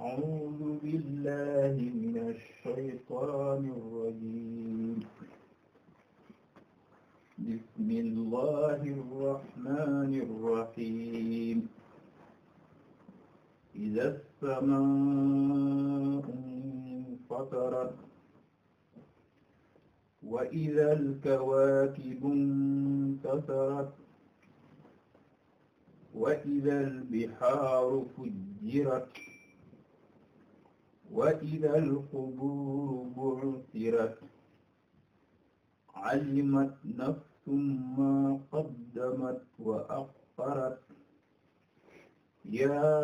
أعوذ بالله من الشيطان الرجيم بسم الله الرحمن الرحيم إذا السماء انفطرت وإذا الكواكب انتثرت وإذا البحار فجرت وإذا القبور بعثرت علمت نفس ما قدمت وأخرت يا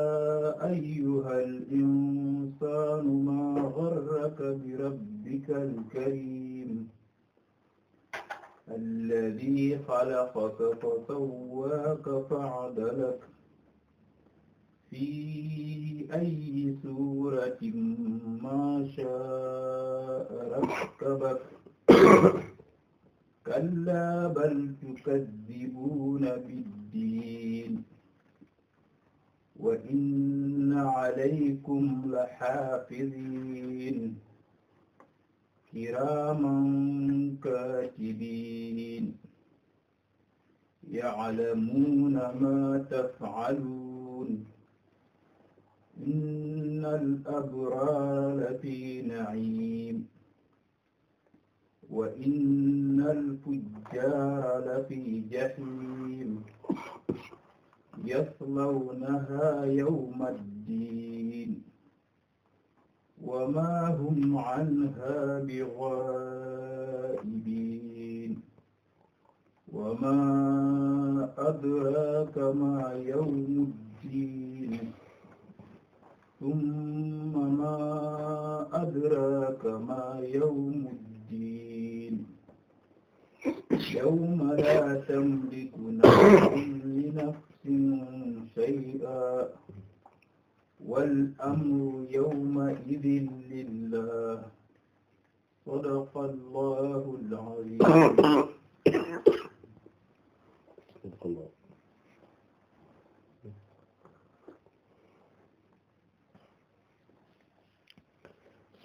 أيها الإنسان ما غرك بربك الكريم الذي خلقك فسواك فعدلك في أي سورة ما شاء ركبك كلا بل تكذبون بالدين وإن عليكم لحافظين كراما كاتبين يعلمون ما تفعلون إن الأبرار لفي نعيم وإن الفجار لفي جحيم يصلونها يوم الدين وما هم عنها بغائبين وما أدراك ما يوم الدين ثم ما أدراك ما يوم الدين يوم لا تملك نفس لنفس شيئا والأمر يومئذ لله صدق الله العظيم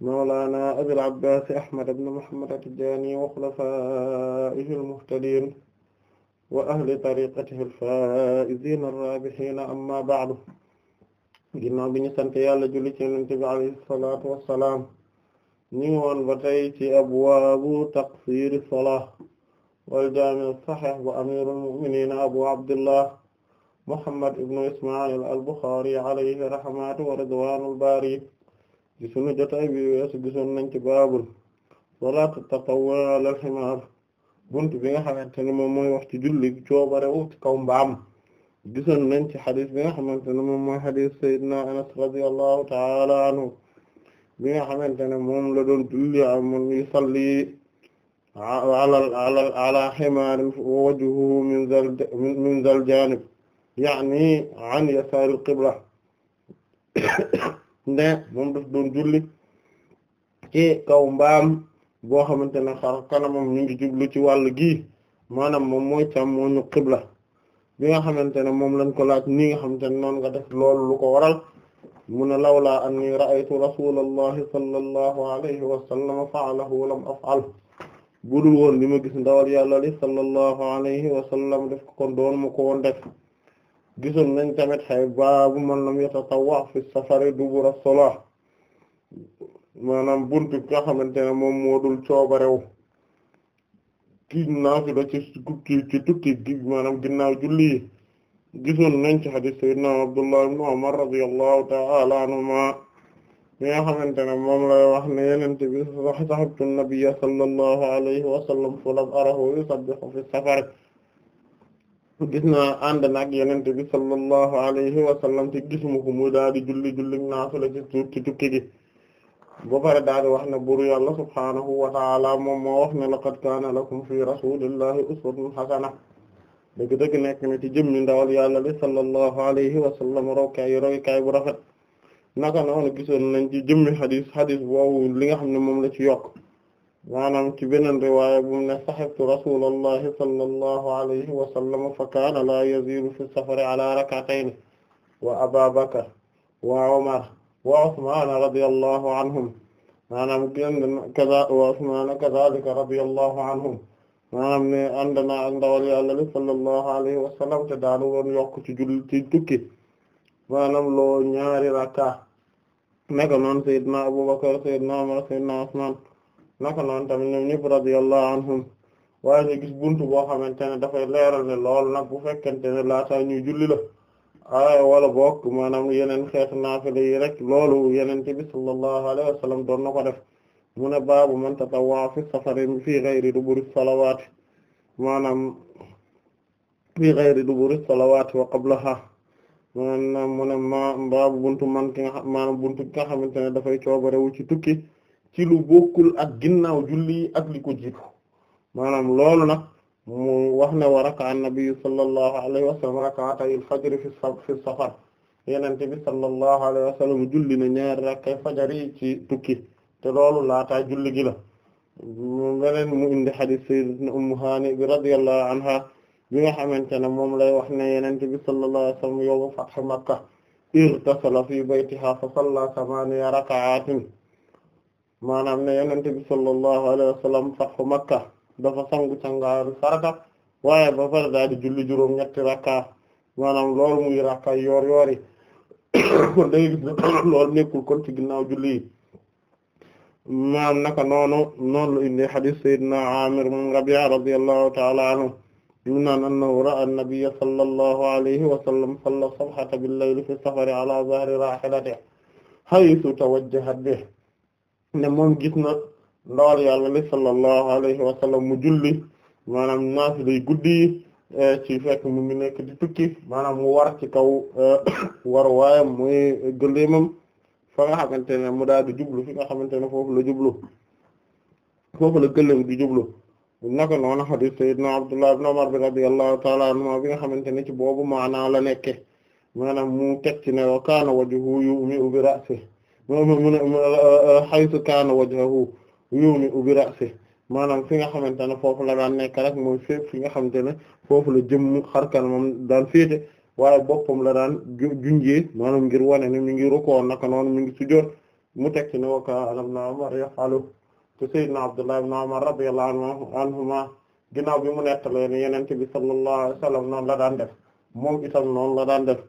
mawlaana abil abbaas ahmad ibn muhammad at-tijaani wa xulafaa'ihi al-muhtadiin wa ahli tariiqatihi al-faa'iziina ar-raabihiina amma ba'du ginnaaw bi ñu sant yàlla julli ci Yonent bi alayhi salaatu wa salaam ñu ngi woon ba tey ci abwaabu taqsiiri salaah wal jaami' as-sahiih wa amiiril mu'miniin abu abdillah muhammad ibn ismaa'iil al-buxaari alayhi rahmatu wa ridwaanul baari ci sunu jotaay bi weesu gisoon nañ ci baabul salaatu tatawwu ala al-himaar bunt bi nga xamante ne moom mooy wax ci julli coobarewu ci kaw mbaam gisoon nañ ci xadis bi nga xamante ne moom mooy xadis sayyidina anas radiyallahu ta'ala anhu bi nga xamante ne moom la doon julli amun yusalli ala ala ala himaarin wa wajhuhu min zal min zal janib ya'ni an yasaaril qibla ne moom daf doon julli ci kaw mbaam boo xamante ne xar kanamam ñu ngi jublu ci wàll gi maanaam moom mooy càmmoñu xibla bi nga xamante ne moom lañ ko laaj ni nga xamante ne noonu nga def loolu lu ko waral mu ne lawla anni ra'aytu rasulallahi sallallahu alayhi wa sallam fa'alahu lam af'al budul woon li ma gis ndawal yàlla li sallallahu alayhi wa sallam def ko doon mu ko woon def gisoon nañ tamit xay baabu man lam yatatawwa fi safari dubura salah maanaam buntu nga xamante ne moom moo dul coobarew ki naafila ci tukki ci tukki maanaam ginnaaw julli gisoon nañ ci hadis sayyidina Abdullah ibn Umar radiyallahu ta'ala anhuma mi nga xamante ne moom lay wax ne yenente bi sahabtu nabiyya alayhi wa fa lam arahu yusabbihu fi safar gis naa ànd nag yenente bi sallallahu alayhi wa sallam te gisuma ko muy di julli julli naafila ci ci tukki gi ba pare daal wax na buuru yàlla subhaanahu wa taala moom moo wax ne laqad kaana lakum fi rasulillahi uswatun hasana dëgg-dëgg nekk na ci jëmmi ndawal yàlla li sallallahu alayhi wa sallam roykaay roykaay bu rafet naka noonu gisoon nañ ci jëmmi xadis xadis boobu li nga xam ne moom la ci yokk maanaam ci beneen riwaaya bu mu ne sahibtu rasulallahi sallallahu alayhi wa sallam fa kaana laa yaziidu fi safari ala rak'atayn wa Abaa Bakr wa Umar wa Usmaan radiyallahu anhum maanaam génn kaza wa Usmaan kazaalika radiyallahu anhum maanaam ne ànd naa ak ndawal Yàlla li sallallahu alayhi wa sallam te daanu woon yokk ci julli ci tukki maanaam loo ñaari rakka naka noon Seydina Abubakar Seydina Umar Seydina Usmaan naka noonu tamit ñoom ñëpp radiyallahu anhum waaye ñu buntu boo xamante ne dafay leeral ne lool nag bu fekkente laa laataa ñuy julli la ay wala bokk maanaam yeneen xeetu naafila yi rek loolu yenente bi sallallahu alayhi wa sallam na ko def mu ne baabu man tatawwa fi safari fii ghayri duburi salawaati maanaam fii ghayri duburi salawaati wa qablaha maanaam mu ne ma baabu buntu man ki nga maanaam buntu ki nga xamante ne dafay coobarewu ci tukki ci lu bokkul ak ginnaaw julli ak li ko jiitu maanaam loolu nag mu wax ne wa raka'a an-nabi sallallahu alayhi wa sallam rak'atay al fi safar yenente bi sallallahu alayhi wa sallam julli na ñaari rakkay fajar tukki te loolu laata julli gi la beneen mu indi hadith sayyidatuna ummu hani bi radiyallahu anha bi nga xamante ne moom lay wax ne yenente bi sallallahu alayhi wa sallam yawma makka irtasala fi baytiha fa salla thamaniya rak'atin maanaam ne yenente bi sallallahu alayhi wa sallam fathu makka dafa sangu sangaaru farata waaye ba pare daal julli juróom ñetti rakka maanaam loolu muy rakka yoor yoori kon da ngay gis ne ci ginnaaw julli yi maanaam naka noonu noonu lu indi hadis amir moom Rabi'a radiyallahu ta'ala anhu yum naan annahu ra'a an-nabiyya sallallahu alayhi wa sallam salla sabhata bil-layli fi safari ala zahri rahilatihi haythu tawajjahat bihi ne moom gis na ndawal yàlla li alayhi wa mu julli maanaam naafilay guddi eh, ci fekk mu nekk di tukki maanaam mu war ci kaw eh, war waayam muy gëléemam fa nga xamante ne mu daal di jublu fi nga xamante ne foofu la jublu foofu la gëléem di jublu naka noonu hadith sayyidina Abdullah ibn Umar bi radiyallahu ta'ala bi nga xamante ne ci boobu maanaa la nekke maanaam mu teg ci ne wa kaana wajhu yumi'u bi mu ne uh, uh, uh, haythu kaana maanaam fi nga xamante ne foofu la daan nekk rek mooy fépp fi nga xamante ne foofu la jëm xarkan moom daan féete waaye boppam la daan junjee maanaam ngir wane ne mi ngi rukkoo naka noonu mi ngi sujjóot mu teg ci ne wa kaana ibnu Umar yaf'alu te Seydina Abdullah ibn Umar radiyallahu anhuma ginnaaw bi mu nettalee ne bi sallallahu alayhi wa sallam la daan def moom itam noonu la daan def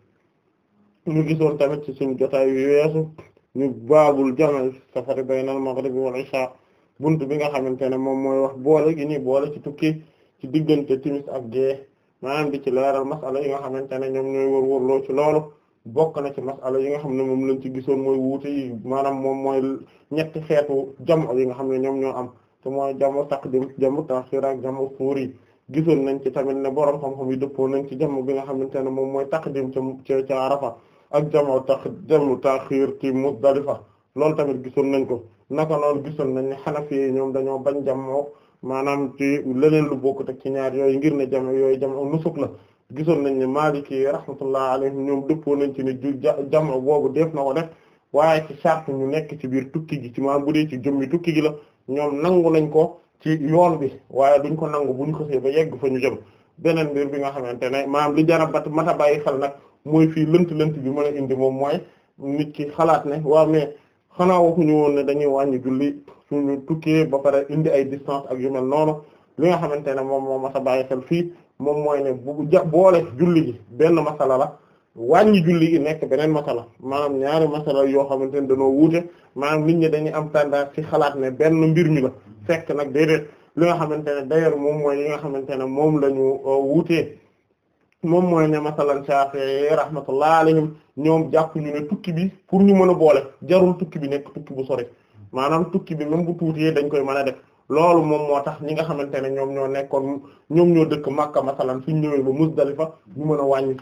ñu gisoon tamit ci suñu jotaay yu ñu baabul jami' safari bayna al-maghrib wal isha bunt bi nga xamante ne moom mooy wax boole gi ñuy boole ci tukki ci diggante timis ak gée maanaam di ci leeral masala yi nga xamante ne ñoom ñooy wër-wërloo ci loolu bokk na ci masala yi nga xam ne moom lañ ci gisoon mooy wuute yi maanaam moom ñetti xeetu jamo yi nga xam ne ñoom ñoo am te mooy jamo taqdim jamo ta'khir ak jamo fuuri gisoon nañ ci tamit ne borom xam-xam yi dëppoo nañ ci jamo bi nga xamante ne moom mooy taqdim ca ca Arafa ak jamu tax jamu taxiir ci Muzdalifa loolu tamit gisoon nañ ko naka noonu gisoon nañ ne Hanafi ñoom dañoo bañ jamoo maanaam ci leneen lu bokkut ak ci ñaar yooyu ngir ne jam yooyu jam nusuk la gisoon nañ ne Maliki rahmatullah alayhim ñoom dëppoo nañ ci ne ju jam boobu def na ko def waaye ci sart ñu nekk ci biir tukki gi ci maanaam bu dee ci jëmmi tukki gi la ñoom nangu nañ ko ci yoon bi waaye duñ ko nangu buñ ko see ba yegg fa ñu jëm beneen mbir bi nga xamante ne maanaam li jara bat mata bàyyi xel nag mooy fii lënt-lënt bi mën a indi moom mooy nit ki xalaat ne waaw mais xanaa waxuñu woon ne dañuy wàññi julli suñu tukkee ba pare indi ay distance ak yu noonu li nga xamante ne moom moo mas a bàyyi xel fii moom mooy ne bu ja boole julli gi benn masala la wàññi julli gi nekk beneen masala maanaam ñaari masala yoo xamante ne dañoo wuute maanaam nit ñi dañuy am tendance ci xalaat ne benn mbir mi la fekk nag déedéet li nga xamante ne d'ailleurs moom mooy li nga xamante ne moom la ñu euh, wuutee moom mooy ne masalan Shafi'i rahmatullah alayhim ñoom jàpp ñu ne tukki bi pour ñu mën a boole jarul tukki bi nekk tukki bu sori maanaam tukki bi même bu tuutiyee dañ koy mën a def loolu moom moo tax ñi nga xamante ne ñoom ñoo nekkoon ñoom ñoo dëkk Makka masalan suñ ñëwee ba Muzdalifa ñu mën a wàññi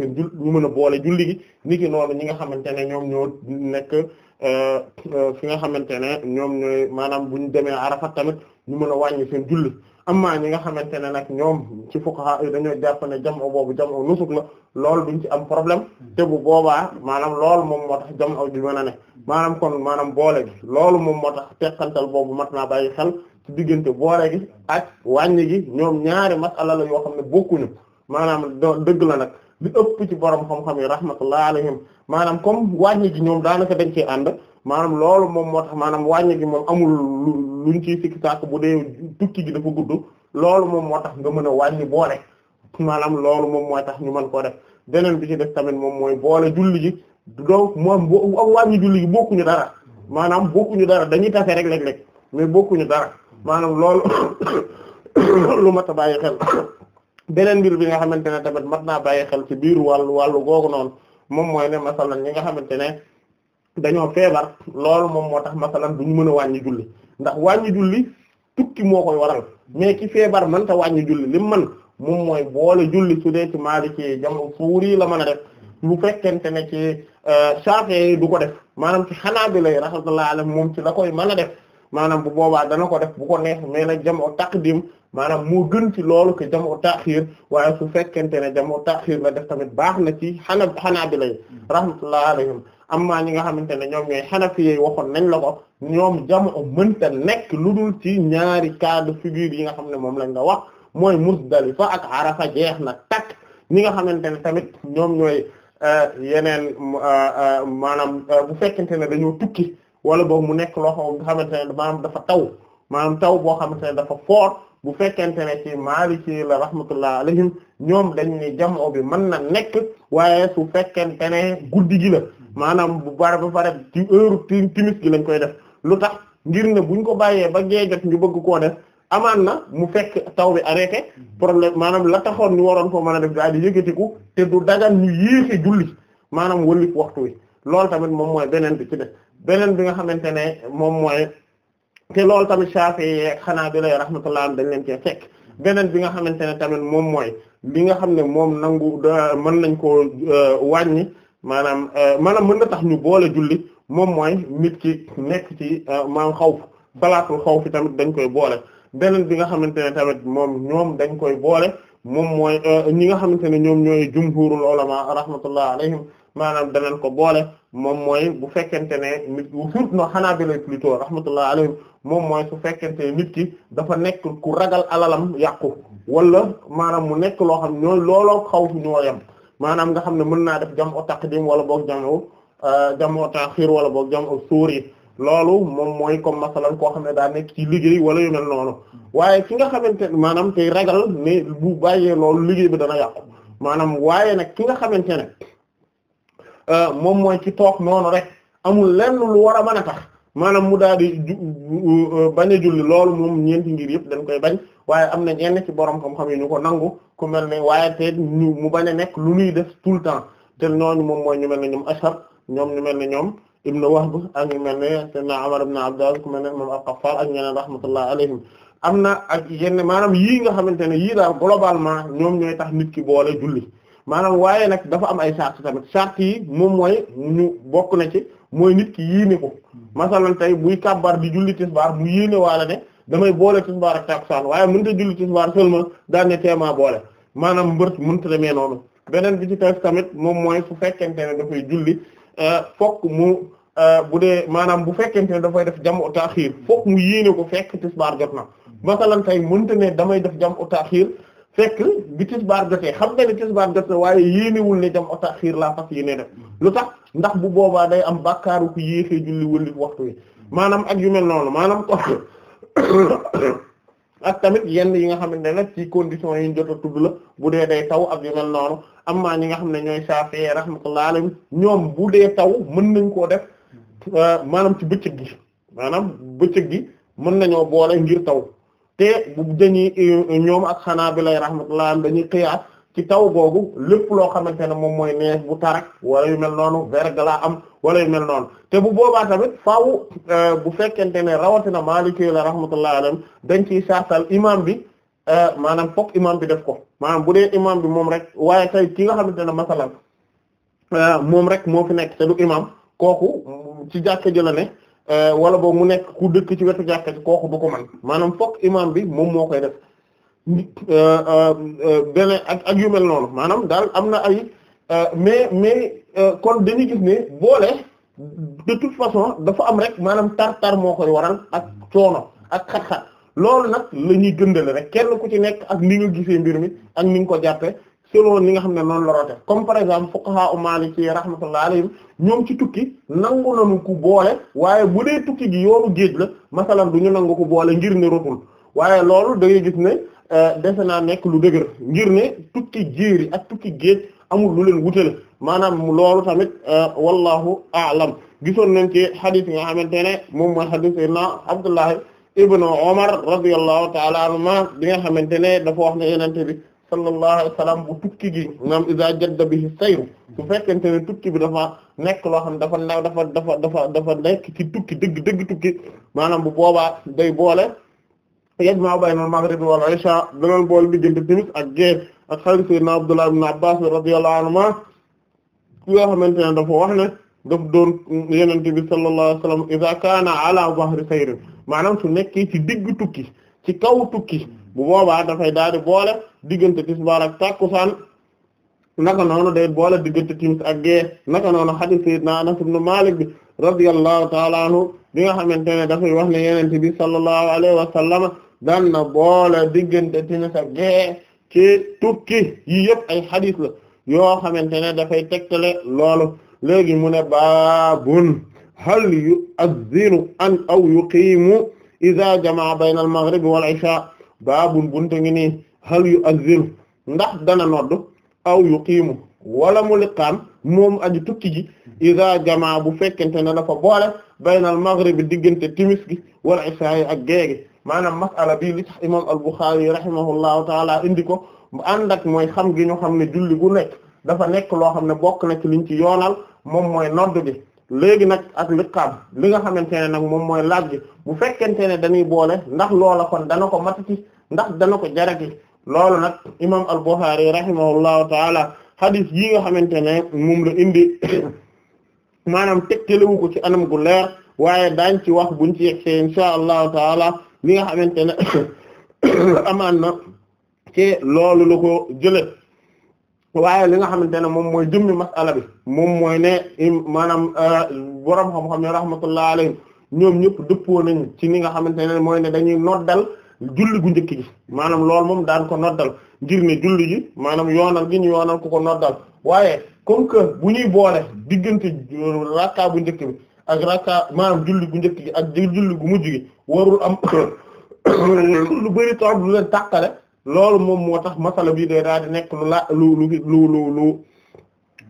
ñu mën a boole julli gi niki ñi nga xamante ne ñoom ñoo nekk euh, euh, fi nga xamante ne ñoom ñooy maanaam bu ñu demee Arafat tamit ñu mën a wàññi seen julli amma ñi nga xamante ne nag ñoom ci fuqaha yi dañoo jàpp jam o boobu jam'u nusuk la loolu duñ ci am problème te bu boobaa maanaam loolu moom moo tax jam'u di mën ne maanam kon maanaam boole loolu moom moo tax teqantal boobu mat naa bàyyi xel ci diggante boole gi ak wàññi gi ñoom ñaari masala la yoo xam ne bokkuñu maanaam dëgg la nag li ëpp ci borom xam-xam yi rahmatullah alayhim maanaam comme wàññi gi ñoom daanaka dañ cee ànd maanaam loolu moom moo tax maanaam wàññi gi moom amul luñ ciy bu dee tukki gi dafa gudd loolu moom moo tax nga mën a wàññi boole maanaam loolu moom mooy tax ñu mën koo def deneen bi ci def tamit moom mooy boole julli gi doo moom boo am wàññi julli gi bokkuñu dara maanaam bokkuñu dara dañuy tase rek léeg-léeg mais bokkuñu dara maanaam loolu lu mat a bàyyi xel beneen mbir bi nga xamante ne tamit mat naa bàyyi xel ci biir wàllu wàllu googu noonu moom mooy ne masalan ñi nga xamante ne dañoo feebar loolu moom moo tax masalan bu ñu mën a wàññi julli ndax wàññi julli tukki moo koy waral mais ki feebar mën ta wàññi julli lim man moom mooy boole julli su dee ci Maliki jam fuuri la mën a def bu fekkente ne ci euh, Shafi'i du ko def maanaam ci Hanabila rahmatullahi alayhim moom ci la koy mën a def maanaam bu boobaa dana ko def bu ko neex mais nag jam o taqdim maanaam mu gën ci loolu que jamu taxir waaye su fekkente ne jamu taxir la def tamit baax na ci xanaa xanaabila yi rahmatullah alayhim amma ñi nga xamante ne ñoom ñooy xanafi yi waxoon nañ la ko ñoom jamu mënta nekk lu dul ci ñaari cas de figure yi nga xam ne moom lañ la wax mooy Musdalifa ak Arafa jeex na takk ñi nga xamante ne tamit ñoom ñooy euh, yeneen euh, euh, maanaam bu fekkente ne dañoo tukki wala boog mu nekk loo xamante ne maanaam dafa taw maanaam taw boo xamante ne dafa fort bu fekkente ne ci Maliki la rahmatullah alayhim ñoom dañ ne jamoo bi man na nekk waaye su fekkente guddi gi la maanaam bu bare ba pare ci heure timis gi lañ koy def lu tax ngir ne buñ ko bàyyee ba gee ñu bëgg koo def amaan na mu fekk taw bi arrêté problème maanaam la taxoon ñu waroon ko mën a def daal di yëkkatiku te du daga ñu yéexi julli maanaam wëlif waxtu wi loolu tamit moom mooy beneen bi ci def beneen bi nga xamante ne moom mooy te loolu tamit xanaa ak Hanabila rahmatullah am dañ leen cee fekk beneen bi nga xamante ne tamit moom mooy li nga xam ne moom nangu mën nañ koo euh, wàññi maanaam euh, maanaam mën na tax ñu boole julli moom mooy nit ki nekk ci euh, maam xawf xaw xawf tamit dañ koy boole beneen bi nga xamante ne tamit moom ñoom dañ koy boole moom mooy ñi nga xamante ne ñoom ñooy jumhurul ulama rahmatullah alayhim maanaam danañ ko boole moom mooy bu fekkente ne nit surtout no Hanaabila plutôt rahmatullah alayhim moom mooy su fekkente ne nit ki dafa nekk ku ragal alalam yàqu wala maanaam mu nekk loo xam ñooy looloo xaw ñoo yem maanaam nga xam ne mën naa def jam'u taqdim wala boog jam'u euh, jam'u ta'khir wala boog jam'u suuri loolu moom mooy comme masalan koo xam ne daa nekk ci liggéey wala yu mel noonu waaye ki nga xamante ne maanaam tey ragal ne bu bàyyee loolu liggéey bi dana yàqu maanaam waaye nag ki nga xamante ne Euh, moom mooy ci toog noonu rek amul lenn lu war a mën tax maanaam mu daal di euh, bañ a julli loolu moom ñeenti ngir yëpp dañ koy bañ waaye am na ñenn ci borom xam-xam yi ñu ko nangu ku mel ne waaye te mu bañ a nekk lu ñuy def tout le temps te ñooñu moom mooy ñu mel ne ñoom Ashar ñoom ñu mel ne ñoom Ibn Wahb ak ñu mel ne Seydina Umar ibn Abdullah ku mel ne moom al-Qaffal ak ñeneen rahmatullah alayhim am na ak yenn maanaam yii nga xamante ne yii daal globalement ñoom ñoy tax nit ki boole julli maanaam waaye nag dafa am ay sart tamit sart yi moom mooy ñu bokk na ci mooy nit ki yéene ko masalan tey buy kàbbar di julli tisbaar mu yéene waala ne damay boole tisbaar ak takusaan waaye mënut a julli tisbaar seulement daan ne teema boole maanaam mbërt mënut a demee noonu beneen bi ci tey tamit moom mooy su fekkente ne dafay julli euh, fokk mu euh, bu dee maanaam bu fekkente ne dafay def jam u taaxiir fokk mu yéene ko fekk tisbaar jot na masalan tey mënut ne damay def jam fekk bi tisbaar jotee xam nga ne tisbaar jot na waaye yéenewul ne dem otaaxiir laa fas yéene def lu tax ndax bu boobaa day am bàkkaaru ku yéexee julli wëllit waxtu wi maanaam ak yu mel noonu maanaam ko tamit yenn yi nga xamante ne ci conditions yi jot a tudd la bu dee day taw ak yu mel am na ñi nga xam ne ñooy Shafi'i rahmatullahi alayhim ñoom bu dee taw mën nañ koo def euh, maanaam ci bëccëg gi maanaam bëccëg gi mën nañoo boole ngir taw te bu dañuy ñoom ak lay Hanaabila rahmatullah dañuy xiyaas ci taw googu lépp loo xamante ne moom mooy neef bu tarak wala yu mel noonu verglas am wala yu mel noonu te bu boobaa tamit faaw euh, bu fekkente ne rawatina Maliki la rahmatullah alayhi dañ ciy saatal imam bi euh, maanaam fokk imam bi def ko maanaam bu dee imam bi moom rek waaye tey ki nga xamante ne masalan euh, moom rek moo fi nekk te du imam kooku ci jàkka ji ne Euh, wala boog mu nekk ku dëkk ci wetu jàkka ci kooku bu ko man maanaam fokk imam bi moom moo koy def beneen euh, euh, ak ak yu noonu maanaam daal am na ay mais mais kon dañuy gis ne boole de toute façon dafa am rek maanaam tar-tar moo koy waral ak coono ak xat-xat loolu nag la ñuy gëndale rek kenn ku ci nekk ak ni nga gisee mbir mi ak ni nga ko jàppe selon li nga xam ne noonu la rote comme par exemple fuqaha u maliki rahmatullah alayhim ñoom ci tukki nangu nañu ku boole waaye bu dee tukki gi yoonu géej la masalan du ñu nangu ku boole ngir ne rotul waaye loolu da gis ne euh, defe naa nekk lu dëgër ngir ne tukki jéeri ak tukki géej amul lu leen wutale maanaam loolu tamit euh, wallahu a'lam gisoon nañ ci hadith yi nga xamante ne moom mooy hadith sayyidina Abdullah ibn Umar radiyallahu ta'ala anhuma bi nga xamante ne dafa wax ne yenente bi sallallahu alayhi wa sallam bu tukki gi maanaam iza jadda bihi sayru su fekkente ne tukki bi dafa nekk loo xam dafa naw dafa dafa dafa dafa nekk ci tukki dëgg dëgg tukki maanaam bu boobaa day boole yajma'u bayna al-maghrib wal isha danañ boole diggante timis ak gée ak xarit sayyidina Abdullah ibn Abbas radiyallahu anhuma ki nga xamante ne dafa wax ne daf doon Yonent bi sallallahu alayhi wa sallam iza kaana ala bahri sayrin maanaam su nekkee ci digg tukki ci kaw tukki bu boobaa dafay daal di boole. diggante tisbaar ak takkusaan naka noonu day boole diggante timis ak gee naka noonu hadith sayyidina Anas Malik bi radiyallahu ta'ala anhu bi nga xamante ne dafay wax ne yonent bi sallallahu alayhi wa sallam daan na boole diggante timis ak gee tukki yi yëpp ay hadith la yoo xamante ne dafay tegtale loolu léegi mu ne baabun hal yu'adhdhinu an aw yuqiimu idha jama'a bayna al-maghrib baabun buntu ngi nii hal yu azinu ndax dana nodd aw yu qiimu wala mu liqaam moom aji tukki ji isa jamaa bu fekkente ne dafa boole baynal maghribi diggante timis gi wal isaayi ak géegi maanaam masala bii li tax imam al-Bukhari rahimahullahu taala indi ko ànd ak mooy xam gi ñu xam ne julli gu nekk dafa nekk loo xam ne bokk na ci liñ ci yoonal moom mooy nodd bi léegi nag ak liqaam li nga xamante ne nag moom mooy laaj gi bu fekkente ne dañuy boole ndax loola kon dana ko matati ndax dana ko jarati loolu nag imam al-Bukhari rahimahullahu taala hadith yi nga xamante ne moom la indi maanaam tegtalewu ko ci anam gu leer waaye daañ ci wax buñ ci yegsee insha allahu taala li nga xamante ne na ci loolu la ko jële waaye li nga xamante ne moom mooy jëmmi masala bi moom mooy ne maanaam euh, borom xam-xam ne rahmatullah alayhim ñoom ñëpp dëppoo nañu ci li nga xamante ne mooy ne dañuy noddal julli gu njëkk gi maanaam loolu moom daan ko noddal ngir ne julli gi maanaam yoonal gi ñu yoonal ku ko noddal waaye comme que bu ñuy boole diggante euh, rakka bu njëkk bi ak rakka maanaam julli gu njëkk gi ak julli gu mujj gi warul am lu bari tool lu leen tàqale loolu moom moo tax masala bii day daal di nekk lu la lu lu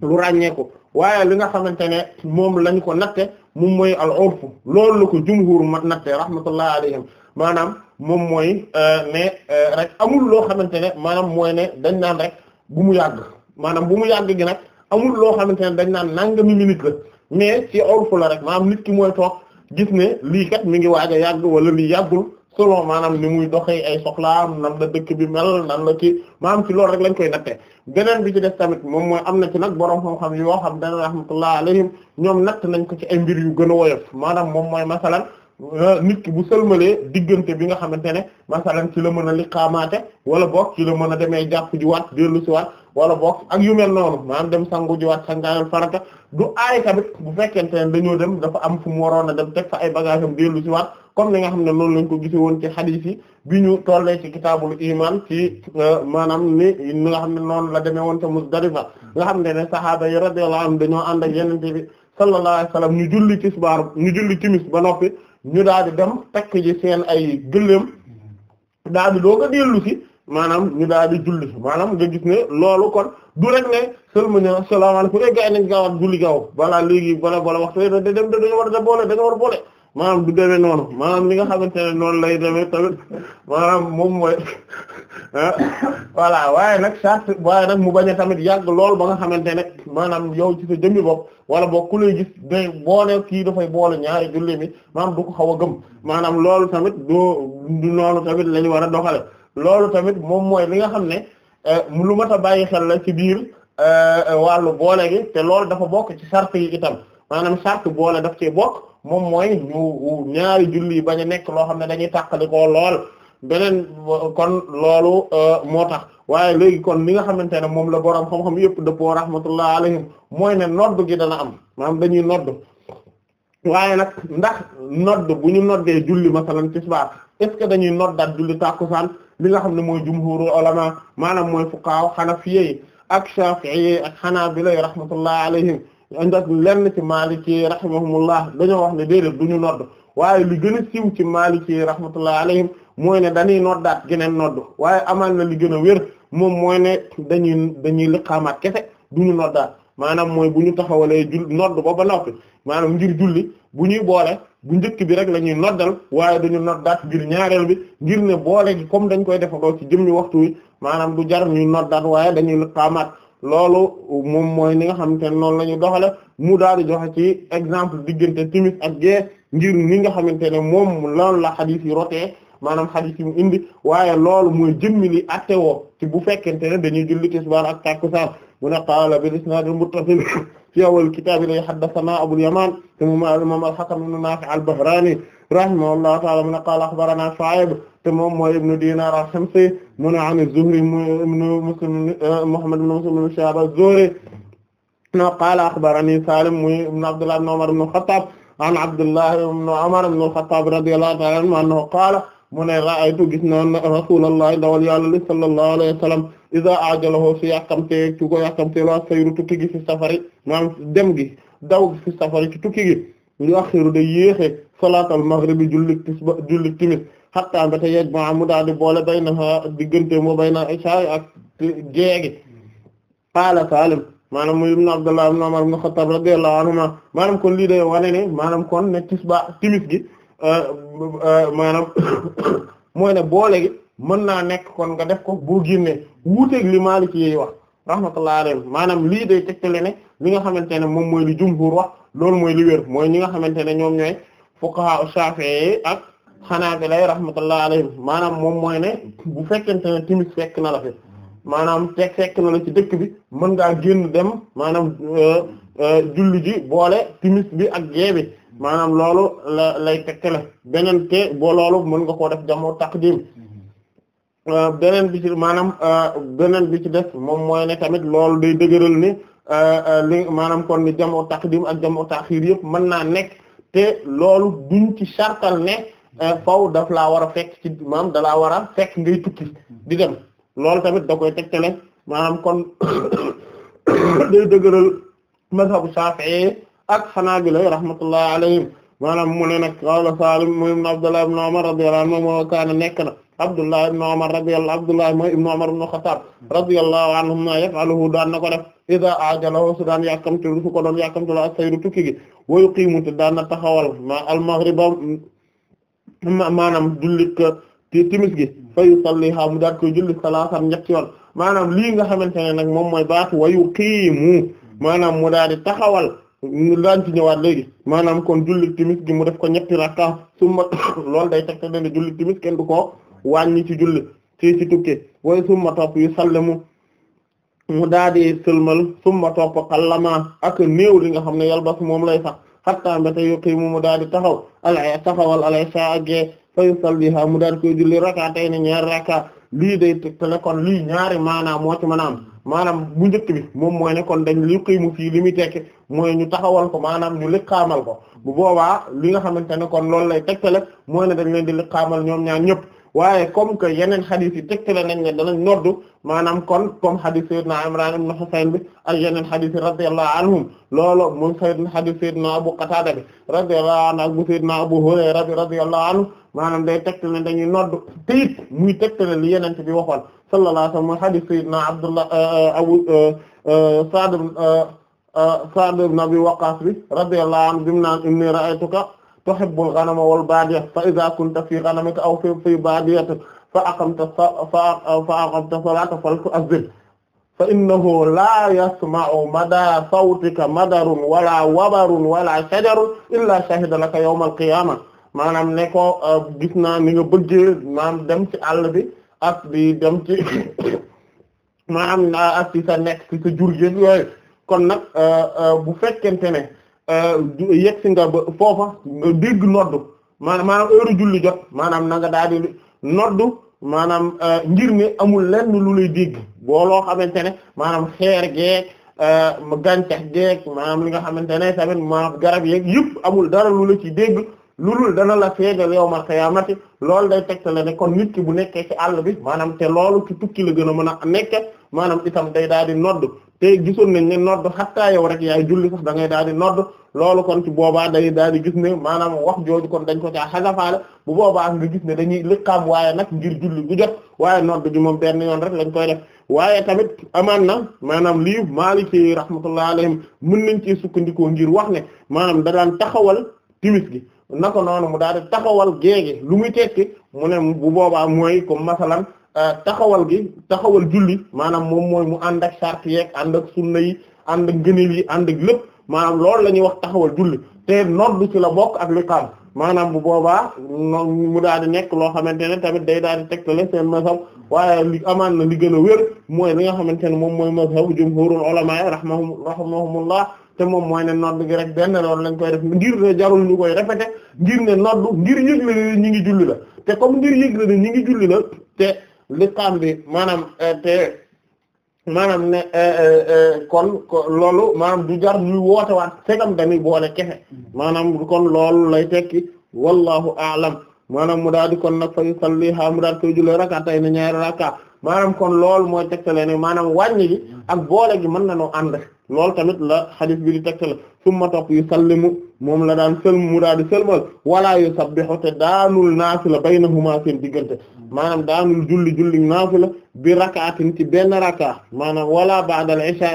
lu ràññeeku waaye li nga xamante ne moom lañ ko natte moom mooy al urfu loolu la ko jumhur ma natte rahmatullah alayhim maanaam moom mooy ne euh, euh, rek amul loo xamante ne maanaam mooy ne dañ naan rek bu mu yàgg maanaam bu mu yàgg gi nag amul loo xamante ne dañ naan nangami minute la mais ci awul la rek maanaam nit ki mooy toog gis ne lii kat mi ngi waaj a yàgg wala lii yàggul selon maanaam ni muy doxe ay soxlaam nan la dëkk bi mel nan la ci maanaam ci loolu rek lañ koy natte beneen bi ci def tamit moom mooy am na ci nag borom xam-xam yoo xam dana rahmatullah alayhim ñoom natt nañ ko ci ay mbir yu gën a woyof maanaam moom mooy masalan Euh, nit ki bu sëlmalee diggante bi nga xamante ne masalan ci la mën a liqaamaate wala boog ci la mën a demee jàpp ji waat dellu si waat wala boog ak yu mel noonu maanaam dem sangu ji waat sangaayal farata du aay tamit bu fekkente ne dañoo dem dafa am fu mu waroon a dem teg fa ay bagage am dellu si waat comme li nga xam ne noonu lañ ko gise woon ci hadith yi bi ñu tollee ci kitaabul iman ci euh, maanaam ni ni nga xam ne noonu la demee woon ca Muzdalifa nga xam ne ne sahaaba yi radiyallahu anhum dañoo ànd ak yenente bi sallallahu alayhi wasallam ñu julli tisbaar ñu julli timis ba noppi ñu daal di dem takk ji seen ay gëléem daal di doo ko dellu si maanaam ñu daal di julli maanaam nga gis ne loolu kon du rek ne seulement salaamaaleykum eh gars yi nañ gaaw a julli gaaw balaa léegi bala bala waxtu da dem dañu war a boole dañu war a boole maanaam du deme noonu maanaam li nga xamante ne noonu lay demee tamit maanaam moom mooy ah, voilà waaye nag charte waaye nag mu bañ a tamit yàgg lool ba nga xamante ne maanaam yow ci sa jëmmi bopp wala boo ku boole kii dafay boole ñaari julli mi maanaam du xaw a gëm maanaam loolu tamit du noonu tamit la ñu war a doxale loolu tamit moom mooy li nga xam ne eh, lu mat a bàyyi xel la ci biir eh, wàllu boole gi te loolu dafa bokk ci charte yi itam maanaam charte boole daf cee bokk moom mooy ñaari julli yi bañ a nekk loo xam ne dañuy tàqali ko lool beneen kon loolu euh, moo tax waaye léegi kon li nga xamante ne moom la borom xam-xam yëpp dëppoo rahmatullah alayhim mooy ne nodd gi dana am maanaam dañuy nodd waaye nag ndax nodd bu ñu noddee julli masalan tisbaar est ce que dañuy noddaat julli tàkkusaan li nga xam ne mooy jumhuru ulama maanaam mooy fuqaha xanafiyyi ak shafi'i ak xanaabila rahmatullah alayhim ndax lenn ci Maliki rahimahumullah dañoo wax ne déedéet du ñu waaye li gën a siiw ci Maliki rahmatullah alayhim mooy ne dañuy noddaat geneen nodd waaye amaan na li gën a wér moom mooy ne dañuy dañuy liqaamaat kese du ñu noddaat maanaam mooy bu ñu taxawalee jul nodd ba ba noppi maanaam ngir julli bu ñuy boole bu njëkk bi rek la ñuy noddal waaye duñu noddaat ngir ñaareel bi ngir ne boole gi comme dañ koy defandoo ci jëm ñu waxtu wi maanaam du jar ñuy noddaat waaye dañuy liqaamaat loolu moom mooy ni nga xamante ne noonu la ñu doxale mu daal di joxe ci exemple diggante timis ak gée ngir ni nga xamante ne moom loolu la xadis yi rotee maanaam xadis yi mu indi waaye loolu mooy jëmmi li attewoo ci bu fekkente ne dañuy julli tisbaar ak takkusaan mu ne qaala bil isnaadil muttasil fi awwal kitaab li haddasanaa Abul Yamaan te moom al-imaam al-Hakam ibn Naafi' al-Bahraani rahimahullahu ta'aala mu ne qaala axbaranaa Shu'ayb te moom mooy ibnu Dinar al-Himsi mu ne an az-Zuhri ibnu Muslim eh, Muhammad ibnu Muslim ibnu Shihab az-Zuhri no qaala akhbarani Salim muy ibnu Abdullah ibnu Umar ibnu al-Khattab an Abdullah ibnu Umar ibnu al-Khattab radiyallahu ta'ala anhu annahu qaala mu ne ra'aytu gis na Rasulullah dawal Yàlla li sallallahu alayhi wa sallam iza ajalahu su yàkkamtee ci ko yàkkamtee la sayru tukki gi fi safari maanaam dem gi daw gi fi safari ci tukki gi yu akhiru day yéexe salaatal maghribi julli tisba julli timis xattaa ba te yej mu daal di boole bay na xa diggante moo bay na ishaay ak jeegi qaala Salim maanaam muy ibn Abdullah ibn Umar ibn Khattab kon lii day wane ne maanaam kon ne tisba timis gi euh, euh, maanaam mooy ne boole gi mën naa nekk kon nga def ko boo génnee wuuteeg li Maliki yi wax rahmatullahi alayhi maanaam lii day tegtale ne li nga xamante ne moom mooy li jumhur wax loolu mooy li wér mooy ñi nga xamante ne ñoom ñooy fuqaha Shafi'i ak Hanaabila rahmatullah alayhim maanaam moom mooy ne bu fekkente ne timis fekk na la fi maanaam teg fekk na la ci dëkk bi mën ngaa génn dem maanaam euh, euh, julli ji boole timis bi ak gée bi maanaam loolu la lay tekkale beneen te boo loolu mën nga koo def jamoo taqdim euh, beneen bi ci maanaam beneen bi ci def moom mooy ne tamit loolu day dëgëral ni li maanaam kon ni jamoo taqdim ak jamoo taxiir yëpp mën naa nekk te loolu duñ ci sartal ne faw euh, daf laa war a fekk ci maanaam da laa war a fekk ngay tukki di dem loolu tamit da koy tegtale maanaam kon day dëgëral mazhabu Shafi'i ak Hanabila rahmatullahi alayhim maanaam mu ne nag qala Salim mooy ibn Abdullah ibn Umar radiyallahu anhu moo kaana nekk na Abdullah ibn Umar radiyallahu Abdullah mooy ibn Umar ibn Khattab radiyallahu anhuma yaf'aluhu daan na ko def idha ajalahu su daan yàkkamte su ko doon yàkkamte la sayru tukki gi wa yuqimu daan na taxawal ma al-maghriba maanaam jullit te timis gi fa yusalliha mu daat koy julli salaasan ñetti yoon maanaam lii nga xamante ne nag moom mooy baatu wayu qiimu maanaam mu daal di taxawal ñu daan ñëwaat léegi maanaam kon julli timis gi mu def ko ñetti rakka summa lool day teg te ne julli timis kenn du ko wàññi ci julli ci ci tukkee way summa topp yu sallamu mu daal di sëlmal summa topp xallama ak néew li nga xam ne yalbas moom lay sax hatta mbéta yuqimu mu daal di taxaw a taxawal a isha ak gee fa yusalliha mu daal di koy julli rak'atayn ñaari raka lii day tegtale kon lii ñaari maanaam moo ci maanaam maanaam bu njëkk bi moom mooy ne kon dañ yuqimu fii li muy tekki mooy ñu taxawal ko maanaam ñu liqaamal ko bu boobaa li nga xamante ne kon loolu lay tegtale mooy ne dañ leen di liqaamal ñoom ñaar ñëpp waaye comme que yeneen xadis yi tegtale nañ ne danañ noddu maanaam kon comme xadis sayyidina Imran ibn Husayn bi ak yeneen xadis yi radiyallahu anhum loolu moom sayyidina xadis sayyidina Abu Qatada bi radiyallahu anhu ak bu sayyidina Abu Hurayra anhu maanaam day tegtale dañuy noddu te it muy tegtale li yeneen bi waxoon sallallahu alayhi wa sallam mooy xadis sayyidina Abdullah euh, euh, Abu euh, Sa'd Sa'd ibn Abi Waqqas bi radiyallahu anhu bi mu naan tuhibbul ghanama wal baadiya fa idha kunta fi ghanamika aw fi fi baadiyatika fa aqamta fa aqamta salata faltu'azzin fa innahu la yasma'u mada sawtika madarun wala wabarun wala shajarun illa shahida laka yawmal qiyamah maanaam ne ko euh, gis naa ni nga bëggee maanaam dem ci àll bi ak di dem ci maanaam euh, ak ci sa nekk ci sa jur yooyu kon nag euh, bu fekkente ne Euh, yegg si nga ba foofa dégg noddu maanaam maanaam heure julli jot maanaam nanga nga daal noddu maanaam euh, ngir ne amul lenn lu luy dégg booloo xamante ne maanaam xeer geeg euh, gàncax geeg maanaam li nga xamante ne tamit maanaam garab yeeg yëpp amul dara lu la ci dégg lulul dana la feeñal yaa qiyaamati lool day tegtale ne kon nit ki bu nekkee ci àll bi maanaam te loolu ci tukki la gën a mën a nekke maanaam itam day daal di nodd te gisoon nañ ne nodd xataa yow rek yaay julli sax da ngay daal di nodd loolu kon ci boobaa day daal di gis ne maanaam wax jooju kon dañ ko caa xasafaale bu boobaa nga gis ne dañuy liqaam waaye nag ngir julli gu jot waaye nodd gi moom benn yoon rek lañ koy def waaye tamit amaan na maanaam lii Maliki rahmatullah alayhim mën nañ ci sukkandikoo ngir wax ne maanaam da daan taxawal timis gi naka noonu mu daal di taxawal géegi lu muy tekki mu ne bu boobaa mooy comme masalan euh, taxawal gi taxawal julli maanaam moom mooy mu ànd ak sart yeeg ànd ak sunna yi ànd ak ngëneel yi ànd ak lépp maanaam loolu la ñuy wax taxawal julli te noddu ci la bokk ak liqaam maanaam bu boobaa mu daal di nekk loo xamante ne tamit day daal di tegtale seen mazhab waaye li amaan na li gën a wér mooy li nga xamante ne moom mooy mazhabu jumhurul ulama rahmahum rahimahumullah te moom mooy ne nodd gi rek benn loolu lañ koy def ngir ne jarul ñu koy répété ngir ne nodd ngir yëgle ne ñi ngi julli la te comme ngir yëgle ne ngi julli la te liqaam bi maanaam euh, te maanaam ne euh, euh, kon loolu maanaam du jar ñuy woote waat segam dañuy boole kexe maanaam kon loolu lay tekki wallahu a'lam maanaam mu daal di kon nag fa mu daal koy jullee rakka tay ne ñaari rakka maanaam kon loolu mooy tegtale maanaam wàññi gi ak boole gi mën na noo ànd loolu tamit la xadis bi di tegtale summa topp yu sallimu moom la daan selmu mu daal di selmal wala yu sabbihu te daanul naafila baynahuma seen diggante maanaam daanul julli julli naafila bi rakaatin ci benn raka maanaam wala ba'dal isha